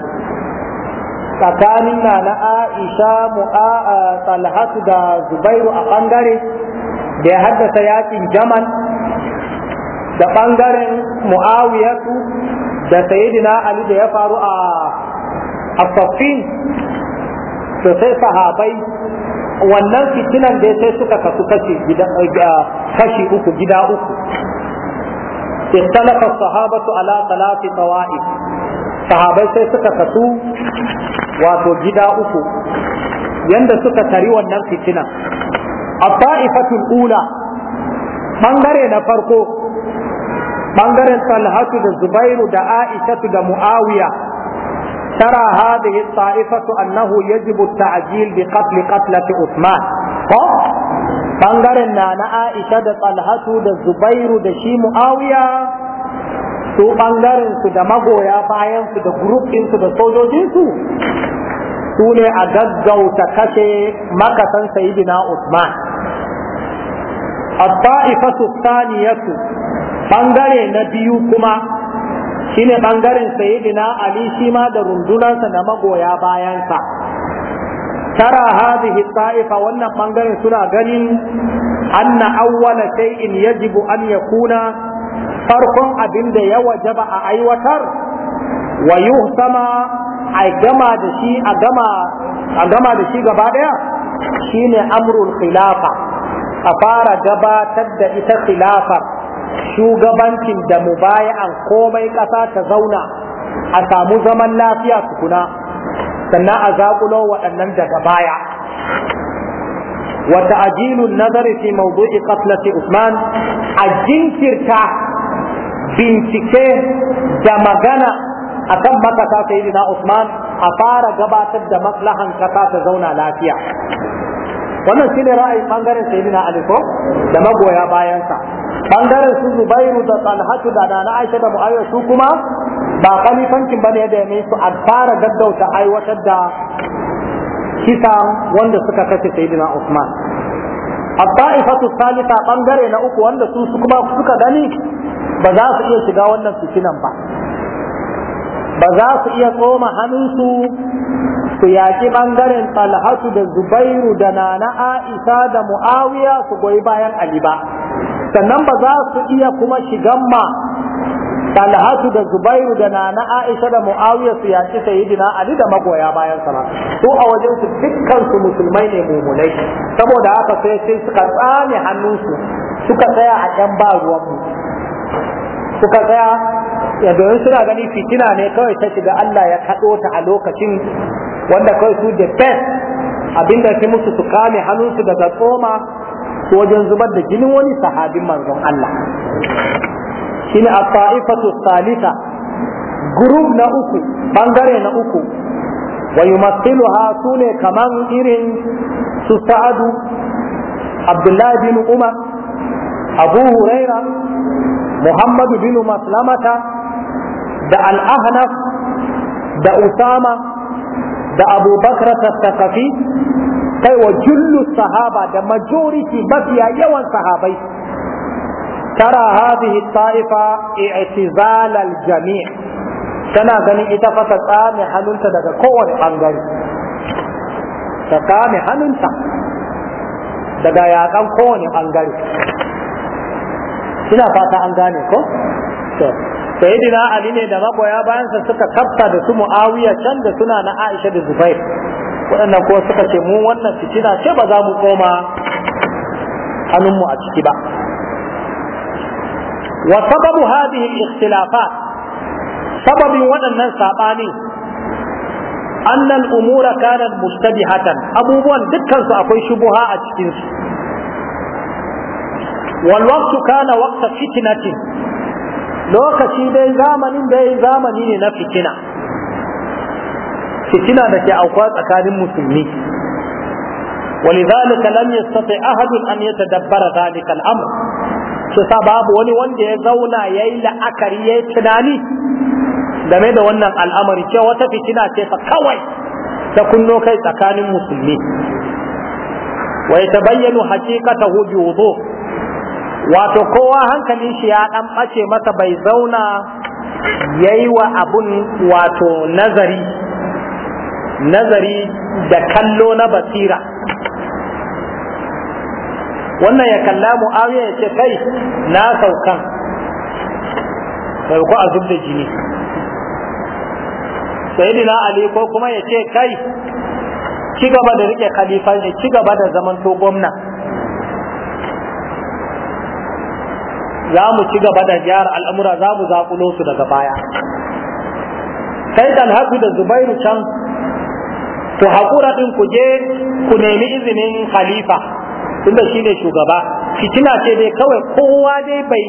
tsakanin na na Aisha mu'a Talhatu da Zubairu a ɓangare da ya haddasa yaƙin jaman, da ɓangaren Muawiyatu da Sayyidina Ali da ya faru a Affafin da sai sahabai wannan fitilan da sai suka kasu kashi uku gida uku ikhtalafa sahabatu ala talati tawa'if sahabai sai suka kasu wato gida uku yanda suka tari wannan fitina a ta'ifatul ula bangare na farko bangaren talhatu da zubairu da aishatu da muawiya ترى هذه الطائفة أنه يجب التعجيل بقتل قتلة عثمان bangaren na na Aisha da Talhatu da Zubairu da shi Muawiya su bangaren su da magoya bayan su da group din su da sojojin su su ne a gaggauta kashe makasan Sayyidina Usman at-ta'ifatu thaniyatu bangare na biyu kuma shine bangaren Sayyidina Ali shi ma da rundunansa da magoya bayansa tara hadhihi ta'ifa wannan bangaren suna ganin anna sai in yajibu an yakuna farkon abin da ya wajaba a aiwatar wayusama yuhsama a gama da shi a gaba daya shine amrul khilafa a fara gabatar da ita khilafar shugabancin da mubaya'an komai ƙasa ta zauna a samu zaman lafiya tukuna sannan a zaƙulo waɗannan daga baya wata ajilun nazari fi mawdu'i qatlati Usman a jinkirta bincike da magana akan makasa sayyidina Usman a fara gabatar da maslahan kasa ta zauna lafiya wannan shine ra'ayin bangaren sayyidina aliko da magoya bayansa bangaren su zubairu da talhatu da da aisha da mu'ayya su kuma ba kalifancin bane da ya su a fara gaggauta aiwatar da kisa wanda suka kashe sayyidina Usman na uku wanda su su kuma suka gani? Ba za su iya shiga wannan fitinan ba za su iya koma hannunsu su yaki bangaren talhatu da zubairu da nana aisha da muawiya su goyi bayan ali ba sannan ba za su iya kuma shigan ma talhatu da zubairu da nana aisha da muawiya su ci sayyidina ali da magoya bayan sa su a wajen su dukkan su musulmai ne mumunai saboda haka sai sai suka tsane hannunsu suka tsaya a kan ba ruwan suka tsaya ya domin suna gani fitina ne kawai ta shiga Allah ya kaɗo ta a lokacin wanda kawai su da best abinda sai musu su kame hannunsu daga tsoma wajen zubar da jinin wani sahabin manzon Allah shine a ta'ifatu salisa group na uku bangare na uku wa yumassiluha sune kaman irin su sa'adu abdullahi bin umar abu huraira muhammadu bin maslamata da al'ahnaf da usama da Abubakar bakrata kai wa jullu sahaba da majority mafiya yawan sahabai tara hadhihi ta'ifa i'tizal al-jami' tana ganin ita fa ta tsame hannunta daga kowane bangare ta tsame hannunta daga yakan kowane bangare ina fata an gane ko to sayyidina ali ne da magoya bayansa suka kafta da su muawiya can da suna na aisha da zubair waɗannan kuma suka ce mu wannan fitina ce ba za mu koma hannunmu a ciki ba wa sababu hadhihi ikhtilafat sababin waɗannan saɓani, annan umura kanat mustabihatan abubuwan dukkan akwai shubuha a cikinsu. su wal waqtu kana waqta lokaci dai zamanin dai ne na fitina fitina da ke auka tsakanin musulmi ولذلك لم يستطع أحد أن يتدبر ذلك الأمر sa babu wani wanda ya zauna ya yi la'akari ya yi tunani game da wannan al'amari ce wata fitina ce fa kawai ta kunno kai tsakanin musulmi wai ta tabayyanu hakikata bi wudu wato kowa hankalin shi ya ɗan bace masa bai zauna yayi wa abun wato nazari nazari da kallo na basira wannan ya kalla mu'awiya ya ce kai na saukan sauko a zub da jini sayyidina ali ko kuma ya ce kai ci gaba da rike khalifa ne ci gaba da to gwamna za mu ci gaba da gyara al'amura za mu zaƙulo su daga baya sai talhatu da zubairu can ku hakura ɗin ku je ku nemi izinin khalifa tunda shi ne shugaba fitina ce dai kawai kowa dai bai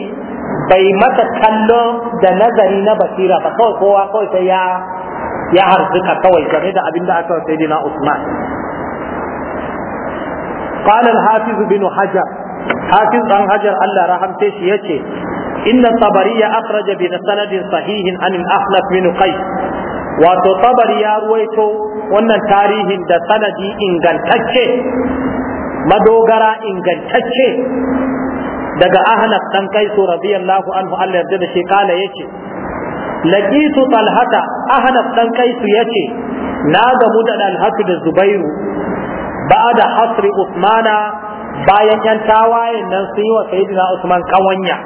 bai masa kallo da nazari na basira ba kawai kowa kawai sai ya ya harzuka kawai game da abin da aka wa sai dina Usman قال الحافظ بن حجر حافظ بن حجر الله رحمته شيء إن الطبري أخرج بسند صحيح عن الأخلف بن قيس wato tabari ya ruwaito wannan tarihin da sanadi ingantacce madogara ingantacce daga ahna dan kaisu radiyallahu anhu Allah yarda da shi kala yace laqitu talhata ahnaf dan kaisu yace na gamu da talhatu da zubairu ba'da hasri usmana bayan yan tawayen nan sun yi wa sayyidina usman kawanya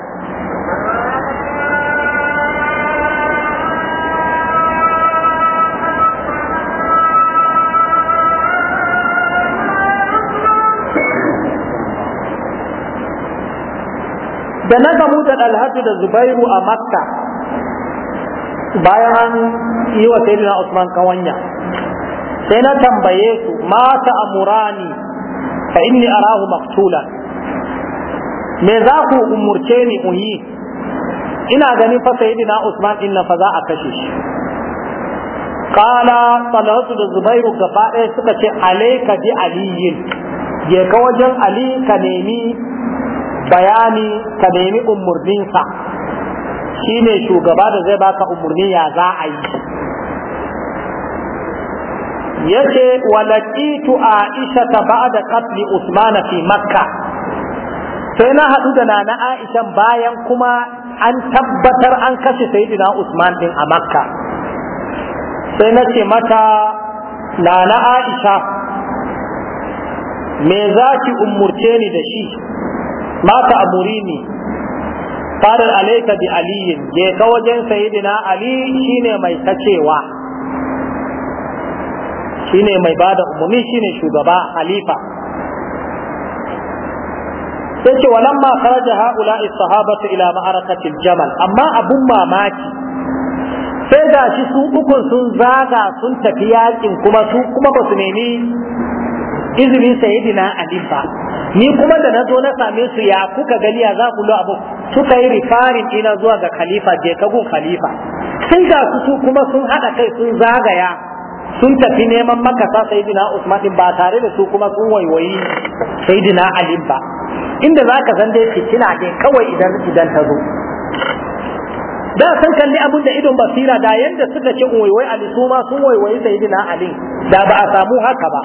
da na gamu da Dalhatu da Zubairu a Makka bayan an yi wa Sayyidina Usman kawanya sai na tambaye su ma ta amurani fa inni arahu maqtulan me za ku umurce ni in yi ina ganin fa Sayyidina Usman din fa za a kashe shi kala da Zubairu gaba ɗaya suka ce alaika bi aliyin je ka wajen ali ka nemi bayani ka nemi shi ne shugaba da zai baka umarni ya za a yi yace a aisha ta ba da qatli usman fi makka sai na hadu da nana aisha bayan kuma an tabbatar an kashe sayyidina usman din a makka sai na ce mata nana aisha me ki umurce ni da shi ma ta'murini fara alayka bi aliyin je ka wajen sayidina ali shine mai tacewa shine mai bada umumi shine shugaba halifa sai ce walamma kharaja haula sahabatu ila ma'arakatil jamal amma abun mamaki sai ga shi su ukun sun zaga sun tafi yakin kuma su kuma ba su nemi izinin sayidina ali ba ni kuma da na zo na same su ya kuka gani ya za ku lo abu suka yi rifarin ina zuwa ga khalifa je kagun khalifa sai ga su kuma sun haɗa kai sun zagaya sun tafi neman sa sayyidina Usman ba tare da su kuma sun waiwayi sayyidina Ali ba inda za ka san dai kina dai kawai idan idan ta zo da san kalli abun da idon basira da yanda suka ce waiwayi Ali su ma sun waiwayi sayyidina Ali da ba a samu haka ba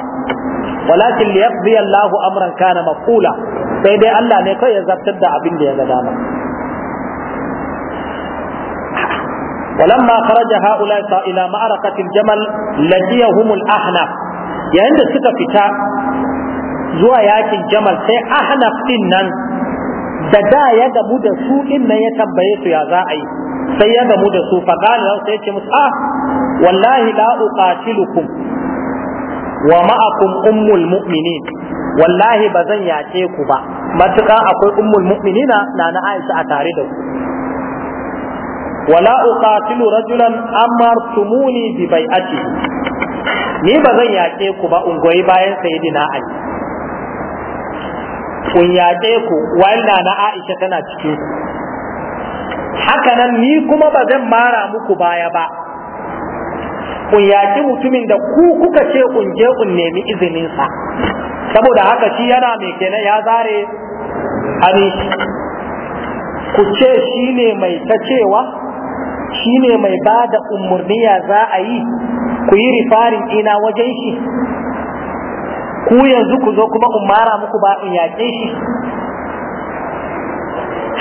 walakin liyaqdi Allahu amran kana maqula sai dai Allah ne kai ya zartar da abin da ya ga dama ولما خرج هؤلاء إلى معركة الجمل لقيهم الأحنف yayin da suka fita zuwa yakin jamal sai ahnaf din nan da da ya gamu da su din nan ya tambaye su ya za a yi sai ya gamu da su fa qala sai ce musu ah wallahi la uqatilukum wa ma'akum ummul mu'minin wallahi ba zan yace ku ba matuƙa akwai ummul mu'minina na na Aisha a tare da ku wala uqatilu rajulan amartumuni bi bai'ati ni ba zan yace ku ba ungoyi bayan sayyidina Ali kun yace ku wanda na Aisha tana cikin ku haka nan ni kuma ba zan mara muku baya ba ku yaki mutumin da ku kuka ce kun je kun nemi izinin sa saboda haka shi yana mai kenan ya zare ani ku ce shi ne mai ta cewa shi ne mai ba da ya za a yi ku yi rifarin ina wajen shi ku yanzu ku zo kuma umara muku ba in yaƙe shi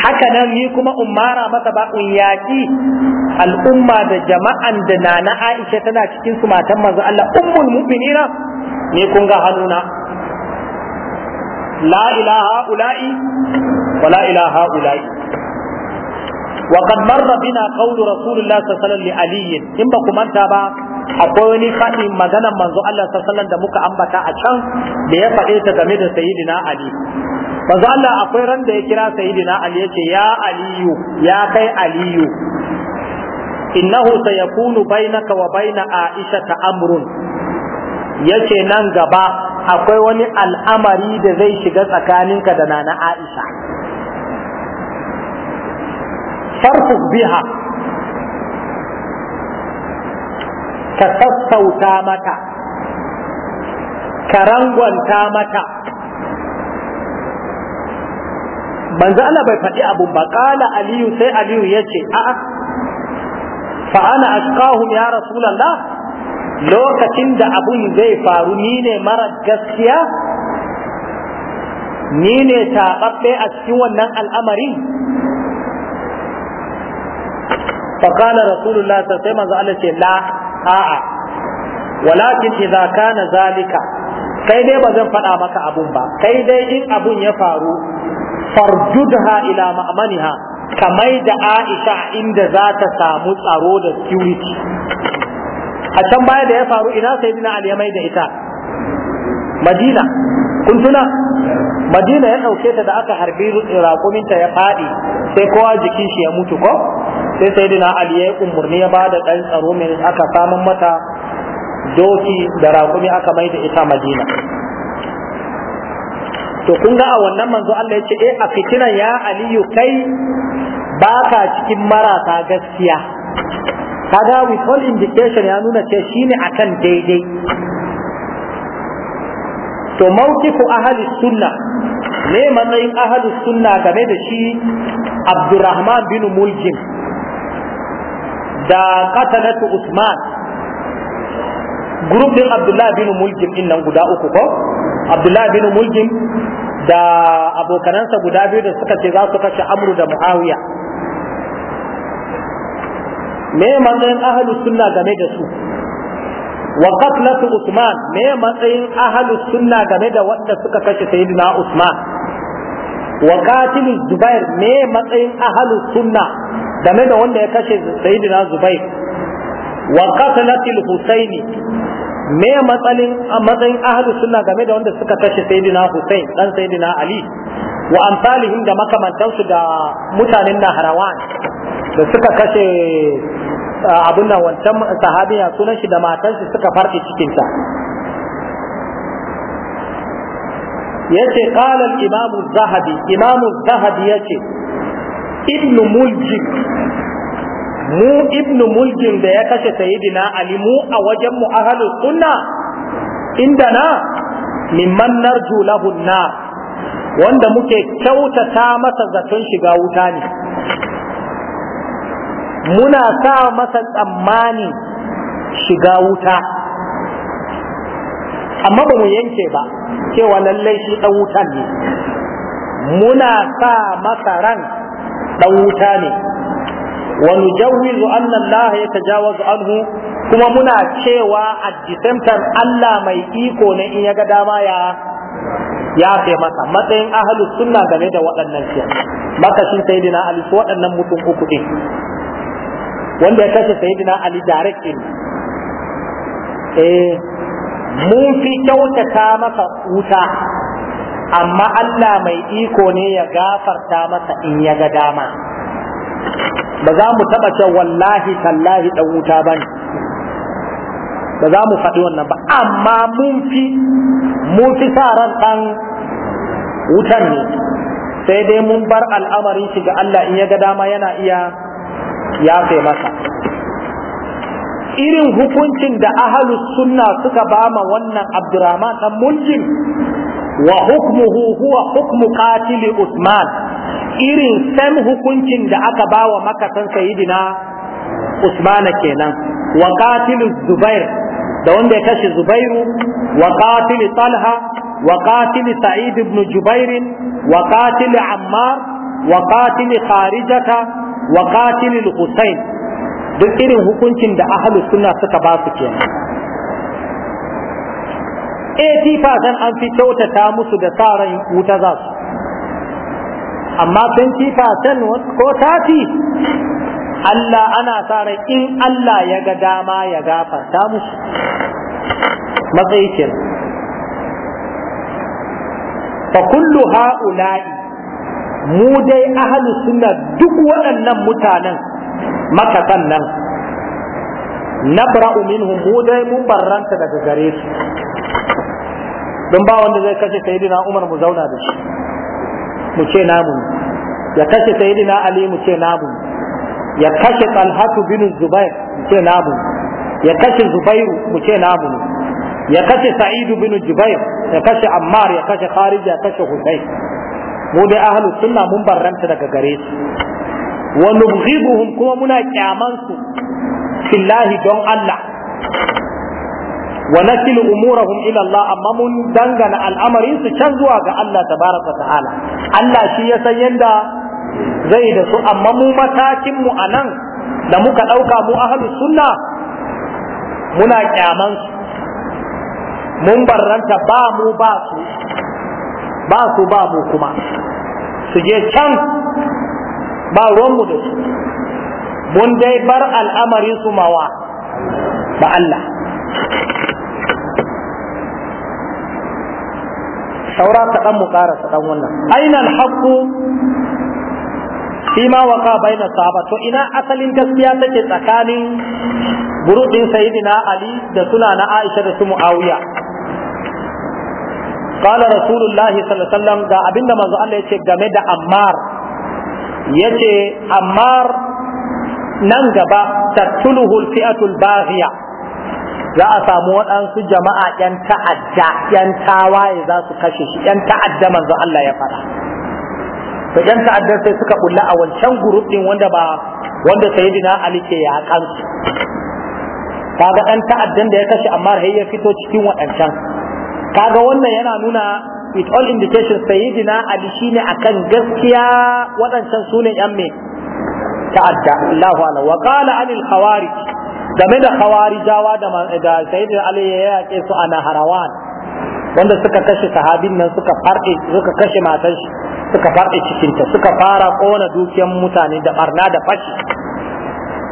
haka nan ni kuma umara masa ba in yaƙi al'umma da jama'an da na na Aisha tana cikin su matan manzo Allah ummul mu'minina ni kun ga hannuna la ilaha ula'i wa la ilaha ula'i وقد مر بنا قول رسول الله صلى الله عليه in ba إن بكم ba akwai wani faɗi maganar manzo Allah sallallahu da muka ambata a can da ya faɗe ta game da sayyidina Ali manzo Allah akwai ran da ya kira sayyidina Ali yace ya Aliyu ya kai Aliyu innahu sayakunu bainaka wa baina Aisha ta amrun yace nan gaba akwai wani al'amari da zai shiga tsakaninka da nana Aisha farfuk biha ka sassauta mata ka rangwanta mata banza Allah bai faɗi abun ba ƙala aliyu sai aliyu ya ce a'a fa ana ashqahum ya rasulallah lokacin da abun zai faru ni ne mara gaskiya ni ne taɓaɓɓe a cikin wannan al'amarin فقال رسول الله صلى الله عليه وسلم لا a'a walakin idza kana zalika kai dai ba zan faɗa maka abun ba kai dai in abun ya faru farjudha ila Mamaniha, kamai da Aisha inda za ta samu tsaro da security a can baya da ya faru ina sayyidina Ali ya maida ita Madina kun tuna Madina ya dauke ta da aka harbi ta ya faɗi sai kowa jikin shi ya mutu ko sai sayyidina Ali ya yi umurni ya bada dan tsaro mai aka samun mata doki da raƙumi aka mai da ita Madina to kun ga a wannan manzo Allah ya ce eh a fitina ya aliyu kai baka cikin marasa gaskiya kaga with all indication ya nuna ce shine akan daidai to mawqifu ahli sunna ne matsayin ahli sunna game da shi Abdurrahman bin Muljim da qatalatu Usman group din Abdullah bin Muljim din nan guda uku ko Abdullah bin Muljim da abokanansa guda biyu da suka ce za su kashe Amru da Muawiya me matsayin ahlus sunna game da su wa qatlatu Usman me matsayin ahlus sunna game da wanda suka kashe Sayyidina Usman wa qatilu Zubair me matsayin ahlus sunna game da wanda ya kashe Sayyidina Zubair wa qatlatil Husaini me matsalin matsayin ahadu suna game da wanda suka kashe sayyidina Hussein dan sayyidina Ali wa amsalihim da makamantansu da mutanen Naharawan da suka kashe abun nan wancan sahabiya sunan shi da matan shi suka farke cikin ta yace qala al-imam az-zahabi imam az-zahabi yace ibn muljik mu ibnu mulkin da ya kashe sayidina ali mu a wajen mu ahlus sunna na mimman narju lahu na wanda muke kyautata masa zaton shiga wuta ne muna sa masa tsammani shiga wuta amma ba mu yanke ba cewa lallai shi dan wuta ne muna sa masa ran dan wuta ne wa nujawwizu anna Allah yatajawazu anhu kuma muna cewa a disemtar Allah mai iko ne in ya ga dama ya ya fi masa matsayin ahalus sunna game da waɗannan shi makashin sayyidina Ali su waɗannan mutum uku din wanda ya kashe sayyidina Ali direct din eh mun fi kyautata masa wuta amma Allah mai iko ne ya gafarta masa in ya ga dama ba za mu taɓa ce wallahi tallahi ɗan wuta ba ne ba za mu faɗi wannan ba amma mun fi mun fi sa ran ɗan wutan ne sai dai mun bar al'amarin shi ga Allah in ya ga dama yana iya yafe masa irin hukuncin da ahalus sunna suka ba ma wannan abdurrahman dan mulkin wa hukmuhu huwa hukmu qatili usman irin san hukuncin da aka ba wa makasan sayidina usmana kenan wa qatilu zubair da wanda ya kashe zubairu wa qatilu talha wa qatilu sa'id ibn jubair wa qatilu ammar wa qatilu kharijata wa qatilu husayn duk irin hukuncin da ahlu sunna suka ba su kenan eh, zan an fi kyautata musu da sa ran wuta za su amma 20% ko 30 Allah ana sa ran in Allah ya ga dama ya gafarta musu matsayi fa kullu ha'ula'i mu dai ahlu sunna duk waɗannan mutanen maka sannan nabra'u minhum mu dai mun barranta daga gare su don ba wanda zai kashe sayyidina Umar mu zauna da shi mu ce namu ya kashe sayyidina ali mu ce namu ya kashe talhatu bin zubair mu ce namu ya kashe zubairu mu ce namu ya kashe sa'idu bin jubair ya kashe ammar ya kashe kharija ya kashe husayn mu dai ahlu sunna mun barranta daga gare su wa nubghibuhum kuma muna kyaman su fillahi don Allah wa nakilu umurahum ila Allah amma mun dangana al'amarin su can zuwa ga Allah tabaraka ta'ala Allah shi ya san yanda zai da su amma mu matakin mu anan da muka dauka mu ahlus sunna muna kyaman su mun barranta ba mu ba su ba su ba mu kuma su je can ba ruwanmu da su mun dai bar al'amarin su mawa ba Allah saura ta dan mu karasa dan wannan aina alhaqu fima waqa baina sahaba to ina asalin gaskiya take tsakanin burudin sayyidina ali da suna na aisha da su muawiya qala rasulullahi sallallahu alaihi wasallam ga abinda manzo Allah yace game da ammar yace ammar nan gaba tattuluhu alfi'atu albaghiya za a samu waɗansu jama'a ‘yan ta'adda ‘yan tawaye za su kashe shi ‘yan ta'adda manzo Allah ya faɗa to ‘yan ta'addar sai suka bulla a wancan guruf ɗin wanda ba wanda sayidina Ali ke yaƙan su kaga ɗan ta'addan da ya kashe amma har ya fito cikin waɗancan kaga wannan yana nuna with all indications sayidina Ali shine akan gaskiya waɗancan su ne ‘yan me ta'adda Allahu ala wa qala anil khawarij game da khawarijawa da da sayyidina ali ya yake su a naharawan, wanda suka kashe sahabin nan suka farɗe suka kashe matan shi suka farɗe cikinta suka fara ƙona dukiyan mutane da barna da fashi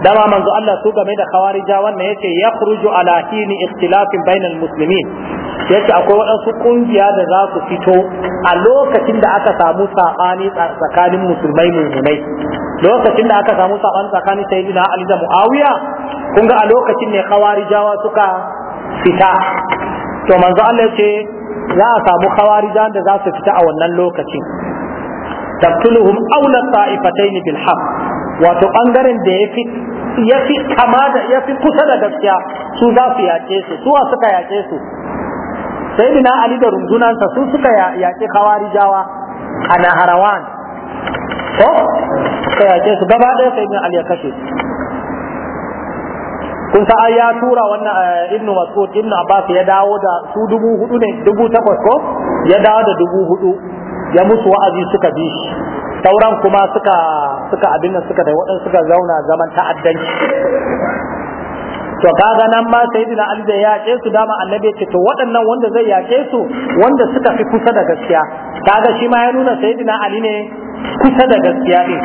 dama manzo Allah su game da khawarija wannan yace yakhruju ala hini ikhtilafin bainal muslimin yace akwai waɗansu ƙungiya da za su fito a lokacin da aka samu saɓani tsakanin musulmai mu'minai lokacin da aka samu sabani tsakanin sayyidina Ali da Muawiya kun ga a lokacin ne khawarijawa suka fita to manzo Allah ya ce za a samu khawarijan da za su fita a wannan lokacin taqtuluhum awla ta'ifatayn bil haqq wato bangaren da yafi yafi kama da yafi kusa da gaskiya su za su yaƙe su su suka yace su sayyidina ali da rundunansa su suka yaƙe khawarijawa a naharawan ko suka yace su gaba ɗaya sayyidina ali ya kashe kun sa ya tura wannan eh, ibn mas'ud ibn abbas ya dawo da su dubu hudu ne dubu takwas ko ya dawo da dubu hudu ya musu wa'azi suka bi sauran kuma suka suka abin nan suka da waɗansu suka zauna zaman ta'addanci to kaga nan ma sayyidina ali da ya yaƙe su dama annabi ya ce to waɗannan wanda zai yaƙe su wanda suka fi kusa da gaskiya kaga shi ma ya nuna sayyidina ali ne kusa da gaskiya ne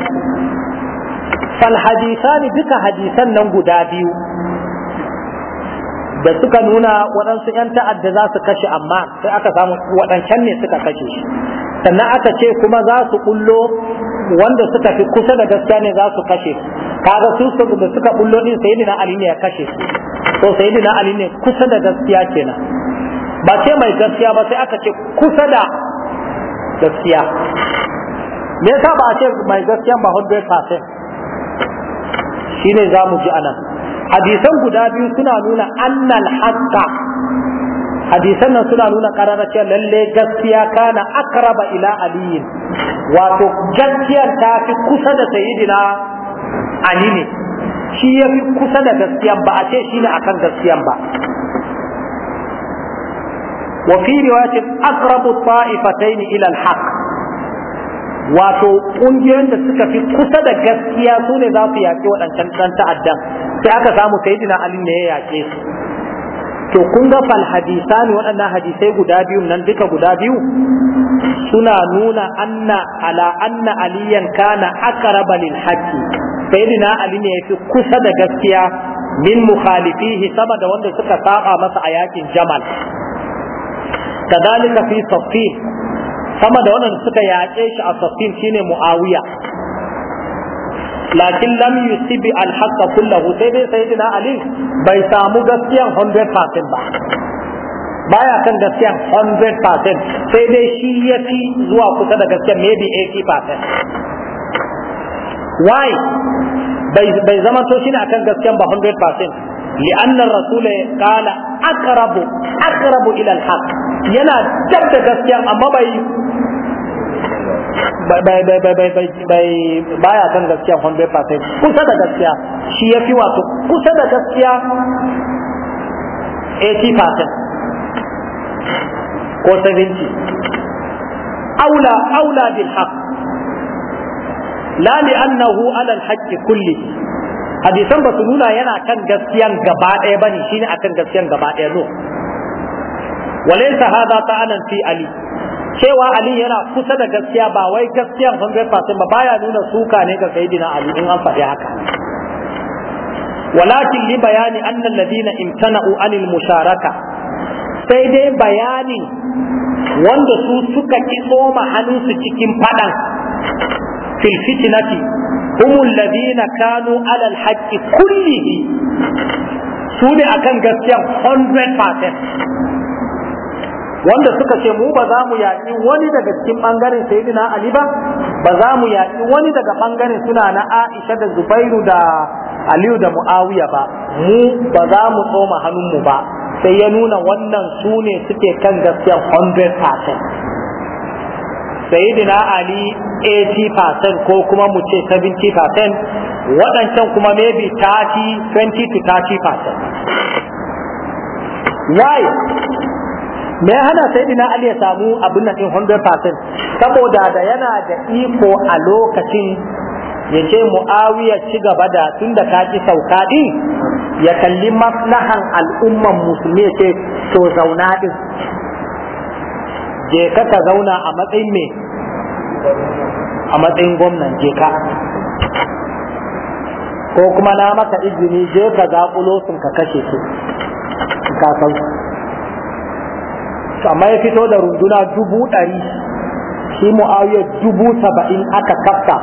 fal hadisan duka hadisan nan guda biyu da suka nuna waɗansu 'yan ta'adda za su kashe amma sai aka samu waɗancan ne suka kashe shi sannan aka ce kuma za su kullo wanda suka fi kusa da gaskiya ne za su kashe kaga su da suka kullo din sayyidina ali ne ya kashe to sayyidina ali ne kusa da gaskiya kenan ba ce mai gaskiya ba sai aka ce kusa da gaskiya me yasa ba a ce mai gaskiya ba 100% shine za mu ji anan hadisan guda biyu suna nuna annal haqqa hadisan nan suna nuna karara cewa lalle gaskiya kana akraba ila aliyin wato gaskiyar ta fi kusa da sayyidina ali ne shi ya fi kusa da gaskiya ba a ce shi ne akan gaskiya ba وفي رواية أقرب الطائفتين إلى الحق wato ƙungiyoyin da suka fi kusa da gaskiya su ne za su yaƙi waɗancan ɗan ta'addan sai aka samu sayidina ali ne ya yaƙe su to kun ga fal hadisani waɗannan hadisai guda biyu nan duka guda biyu suna nuna anna ala anna aliyan kana aqraba lil haqqi sayyidina ali ne yafi kusa da gaskiya min mukhalifihi sama da wanda suka saba masa a yakin jamal kadalika fi saffin sama da wannan suka yaƙe shi a Safin shine muawiya lakin lam yusibi alhaqqa kullahu sai dai sayyidina ali bai samu gaskiyan 100% ba baya kan gaskiya 100% sai dai shi ya fi zuwa kusa da gaskiya maybe 80% why bai zama to shine akan gaskiyan ba 100% li'anna rasul qala aqrabu aqrabu ila al-haq yana dab da gaskiya amma bai bai bai bai bai kusa da gaskiya shi yafi wato kusa da gaskiya 80% ko أولى أولى بالحق لا لأنه على الحق كله hadisan ba su nuna yana kan gaskiyan gaba ɗaya ne a akan gaskiyan gaba ɗaya no walaysa ta anan fi ali cewa ali yana kusa da gaskiya ba wai gaskiyan 100% ba baya nuna suka ne ga sayyidina ali in an faɗi haka walakin li bayani annal ladina imtana'u anil musharaka sai dai bayani wanda su suka ki tsoma su cikin fadan fil fitnati humul ladina kanu alal haqqi kullihi su ne akan gaskiya 100% wanda suka ce mu ba za mu yaƙi wani daga cikin ɓangaren sayidina Ali ba ba za mu yaƙi wani daga ɓangaren suna na Aisha da Zubairu da Aliyu da Muawiya ba mu ba za mu tsoma hannunmu ba sai ya nuna wannan sune suke kan gaskiya 100% sayidina ali 80% ko kuma mu ce 70% waɗancan kuma maybe 30 20 to 30% why me hana sayyidina ali ya samu abin nan 100% saboda da yana da iko a lokacin ya ce mu'awiya ci gaba da tun da ta ci sauka din ya kalli maslahan al'umman musulmi ya ce to zauna din je ka ka zauna a matsayin me a matsayin gwamnan je ka ko kuma na maka izini je ka zaƙulo sun ka kashe su ka san amma ya fito da runduna dubu ɗari shi mu'awiyar dubu saba'in aka kafta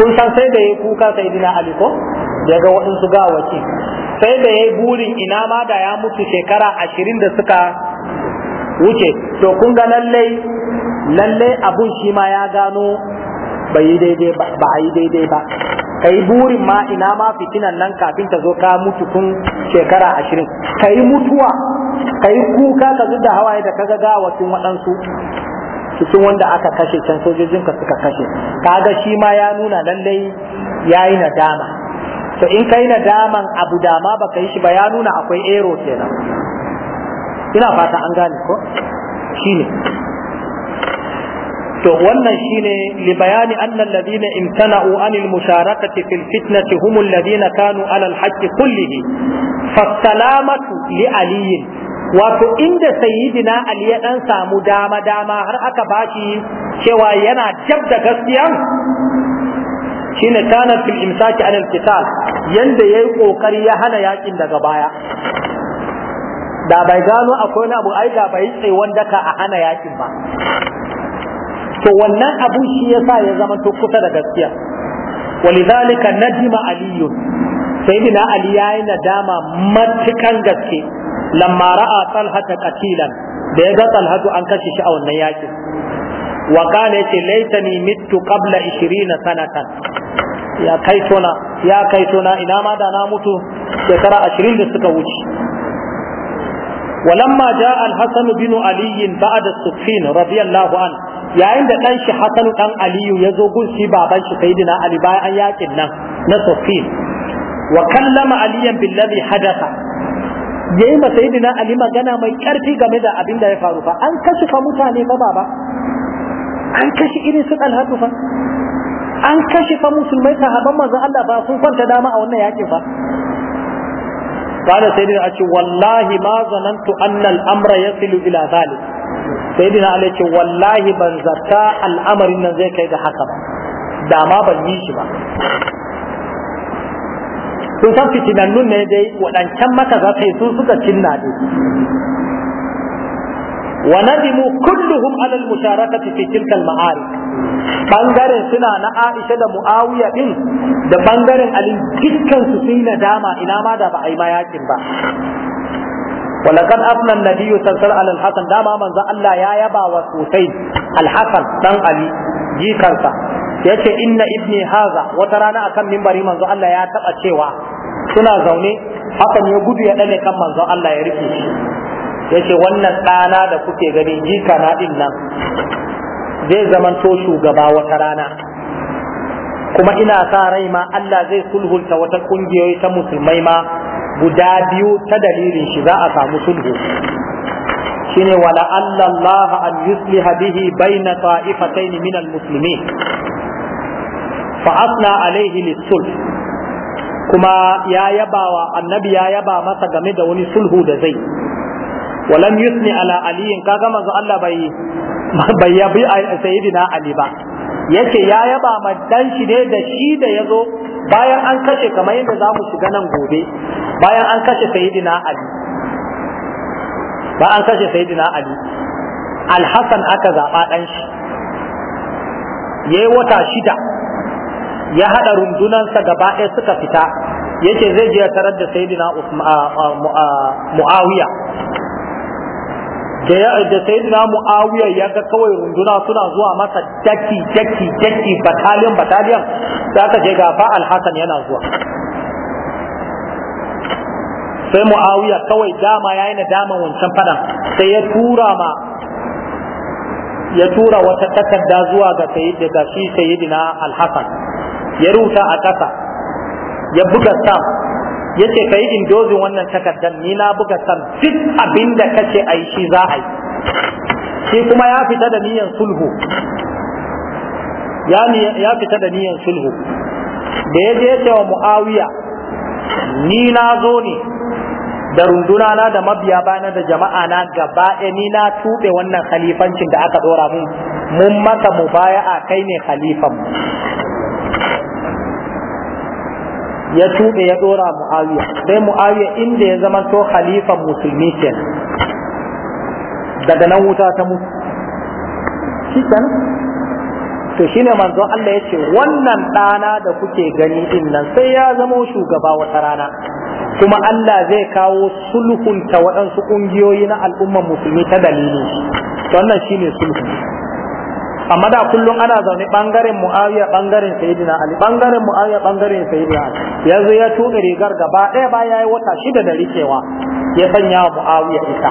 kun san sai da ya kuka sai dina aliko ya ga waɗansu gawaci sai da ya yi burin ina ma da ya mutu shekara ashirin da suka wuce to kun ga lallai lallai abun shi ma ya gano ba yi daidai ba ba yi daidai ba kai burin ma ina ma fitinan nan kafin ta zo ka mutu tun shekara ashirin kai mutuwa kai kuka ka da hawaye da kaga gawakin waɗansu cikin wanda aka kashe can sojojin ka suka kashe kaga shi ma ya nuna lallai yayi nadama to in kai nadaman abu dama baka yi shi ba ya nuna akwai ero kenan ina fata an gane ko shine to wannan shine li bayani anna alladhina imtana'u anil musharakati fil fitnati hum alladhina kanu ala al kullihi fasalamatu li aliyin wato inda sayyidina ali ya dan samu dama dama har aka bashi cewa yana jab da gaskiya shine kana fil imsaki anil qital yanda yayi kokari ya hana yakin daga baya da bai gano akwai wani abu ai da bai wanda daka a hana yakin ba to wannan abu shi yasa ya zama to kusa da gaskiya walidhalika najima aliyu sayyidina ali yayi nadama matukan gaske lamma ra'a talhata qatilan da ya ga talhatu an kashe shi a wannan yakin wa kana yace laitani mittu qabla 20 sanatan ya kaitona ya kaitona ina ma da na mutu shekara 20 da suka wuce ولما جاء الحسن بن علي بعد السفين رضي الله عنه yayin da ɗan shi Hassanu ɗan Aliyu ya zo gunshi baban shi Sayyidina Ali bayan an yakin nan na Sufin wa kallama aliyan billazi hadatha yayi ma Sayyidina Ali magana mai ƙarfi game da abin da ya faru fa an kashe fa mutane fa baba an kashe irin su Talhatu fa an kashe fa musulmai Allah ba sun kwanta dama a wannan yakin fa قال سيدنا أتي والله ما ظننت أن الأمر يصل إلى ذلك سيدنا علي والله من زكى الأمر إن ذيك إذا حكم داما بالنيش ما sun san fitinannun ne dai waɗancan maka za su suka cinna dai wa nadimu kulluhum ala al-musharakati fi tilka bangaren suna na Aisha da Muawiya din da bangaren Ali dukkan su sun nadama ina ma da ba a yi mayakin ba ولقد أثنى النبي صلى الله عليه الحسن دام من ذا الله يا يبا وسوسين الحسن دان علي جي كرسا yace inna ibni haza wata rana a akan mimbari manzo Allah ya taɓa cewa suna zaune hakan ya gudu ya dane kan manzo Allah ya rike shi yace wannan ɗana da kuke gani jika na ɗin nan zai zamanto shugaba wata rana kuma ina sa rai ma Allah zai sulhuta wata ƙungiyoyi ta musulmai ma guda biyu ta dalilin shi za a samu sulhu shine wala Allah an yusliha bihi baina ta'ifatayn min al fa asna alaihi lis kuma ya yabawa annabi ya yaba masa game da wani sulhu da zai walam yusni ala aliyin kaga manzo Allah bai bai yabi sayyidina ali ba yake ya yaba ma dan shi ne da shi da yazo bayan an kashe kamar yadda za mu shiga nan gobe bayan an kashe sayyidina ali ba an kashe sayyidina ali alhassan aka zaba dan shi yayi wata shida ya hada rundunansa gaba ɗaya suka fita yake zai je tarar da sayyidina muawiya da ya da sayyidina muawiya ya ga kawai runduna suna zuwa masa daki daki daki bataliyan bataliyan da aka je ga Fa'al hasan yana zuwa sai muawiya kawai dama yayi na dama wancan fadan sai ya tura ma ya tura wata takarda zuwa ga sayyidi da shi sayyidina al-hasan ya ruta a kasa ya buga sa yace kai indozin wannan takardar ni na buga san duk abinda kace ai shi za a yi shi kuma ya fita da niyan sulhu ya fita da niyan sulhu da ya je cewa mu'awiya ni na zo ne da runduna na da mabiya bana da jama'a na gaba ɗaya ni na tuɓe wannan khalifancin da aka ɗora mun mun maka mubaya'a kai ne khalifan ya tuɓe ya ɗora mu'awiya sai mu'awiya inda ya zama to khalifan musulmi ke daga nan wuta ta mutu shi to ne manzo Allah ya ce wannan ɗana da kuke gani din nan sai ya zama shugaba wata rana kuma Allah zai kawo sulhunta waɗansu ƙungiyoyi na al'ummar musulmi ta dalili to wannan ne sulhu amma da kullum ana zaune bangaren muawiya bangaren sayyidina ali bangaren muawiya bangaren sayyidina ali yanzu ya tuka rigar gaba ɗaya ba yayi wata shida da rikewa ya sanya muawiya ita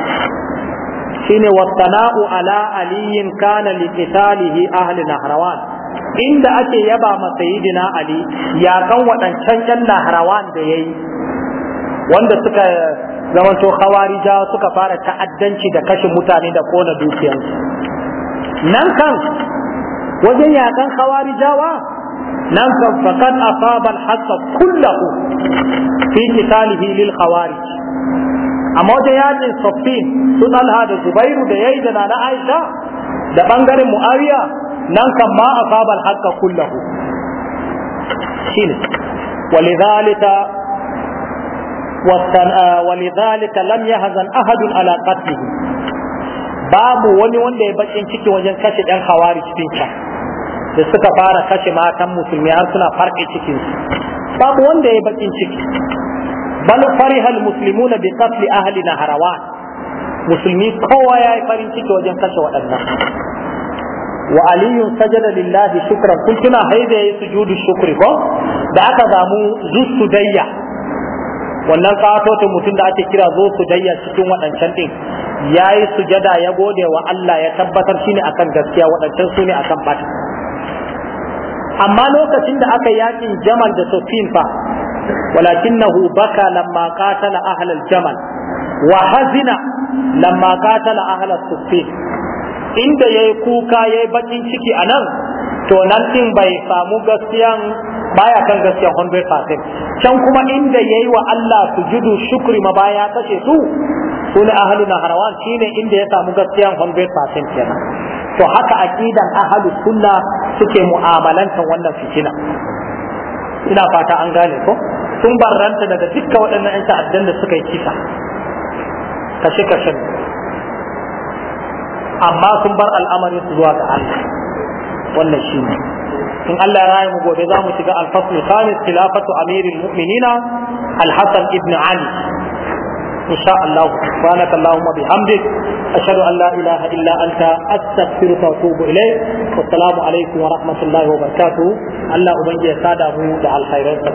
shine wasana'u ala aliyin kana li qitalihi ahli nahrawan inda ake yaba ma sayyidina ali ya kan wadancan yan nahrawan da yayi wanda suka to khawarija suka fara ta'addanci da kashe mutane da kona dukiyansu nan kan wajen yakan hawarijawa, nan kan faqad asaba al-haqqa kullahu fi qitalihi lil khawarij amma wajen yakin saffin su talha da zubairu da yayi da nana aisha da bangaren muawiya nan kan ma asaba al-haqqa kullahu ولذلك لم يهزن أحد على قتله babu wani wanda ya bakin ciki wajen kashe ɗan hawari cikin da suka fara kashe matan musulmi har suna farke cikinsu babu wanda ya bakin ciki bal fariha almuslimuna bi qatl ahli naharawan musulmi kowa ya yi farin ciki wajen kashe waɗannan wa aliyun sajada lillahi shukran kun tuna haida yayi sujudu shukri ko da aka zamu zusudayya wannan katotin mutum da ake kira zo sudayya cikin waɗancan din yayi sujada ya gode wa Allah ya tabbatar ne akan gaskiya waɗancan ne akan bata amma lokacin da aka yakin jamal da sufin fa walakinahu baka lamma qatala ahlal jamal wa hazina lamma qatala ahlal sufin inda yayi kuka yayi bakin ciki anan to nan din bai samu gaskiyan baya kan gaskiya 100% can kuma inda yayi wa Allah sujudu shukri ma baya kashe su su ne ahlul shi shine inda ya samu gaskiyan 100% kenan to haka aqidan ahli sunna suke mu'amalanta wannan fitina ina fata an gane ko sun barranta daga dukkan waɗannan 'yan ta'addan da suka yi kisa kashe kashe amma sun bar al'amarin su zuwa ga Allah wannan shi ne in Allah ya raya mu gobe za mu shiga alfasli khamis ان شاء الله سبحانك اللهم بحمدك اشهد ان لا اله الا انت استغفرك واتوب اليك والسلام عليكم ورحمه الله وبركاته الله ابنجي ساده مو الخيرات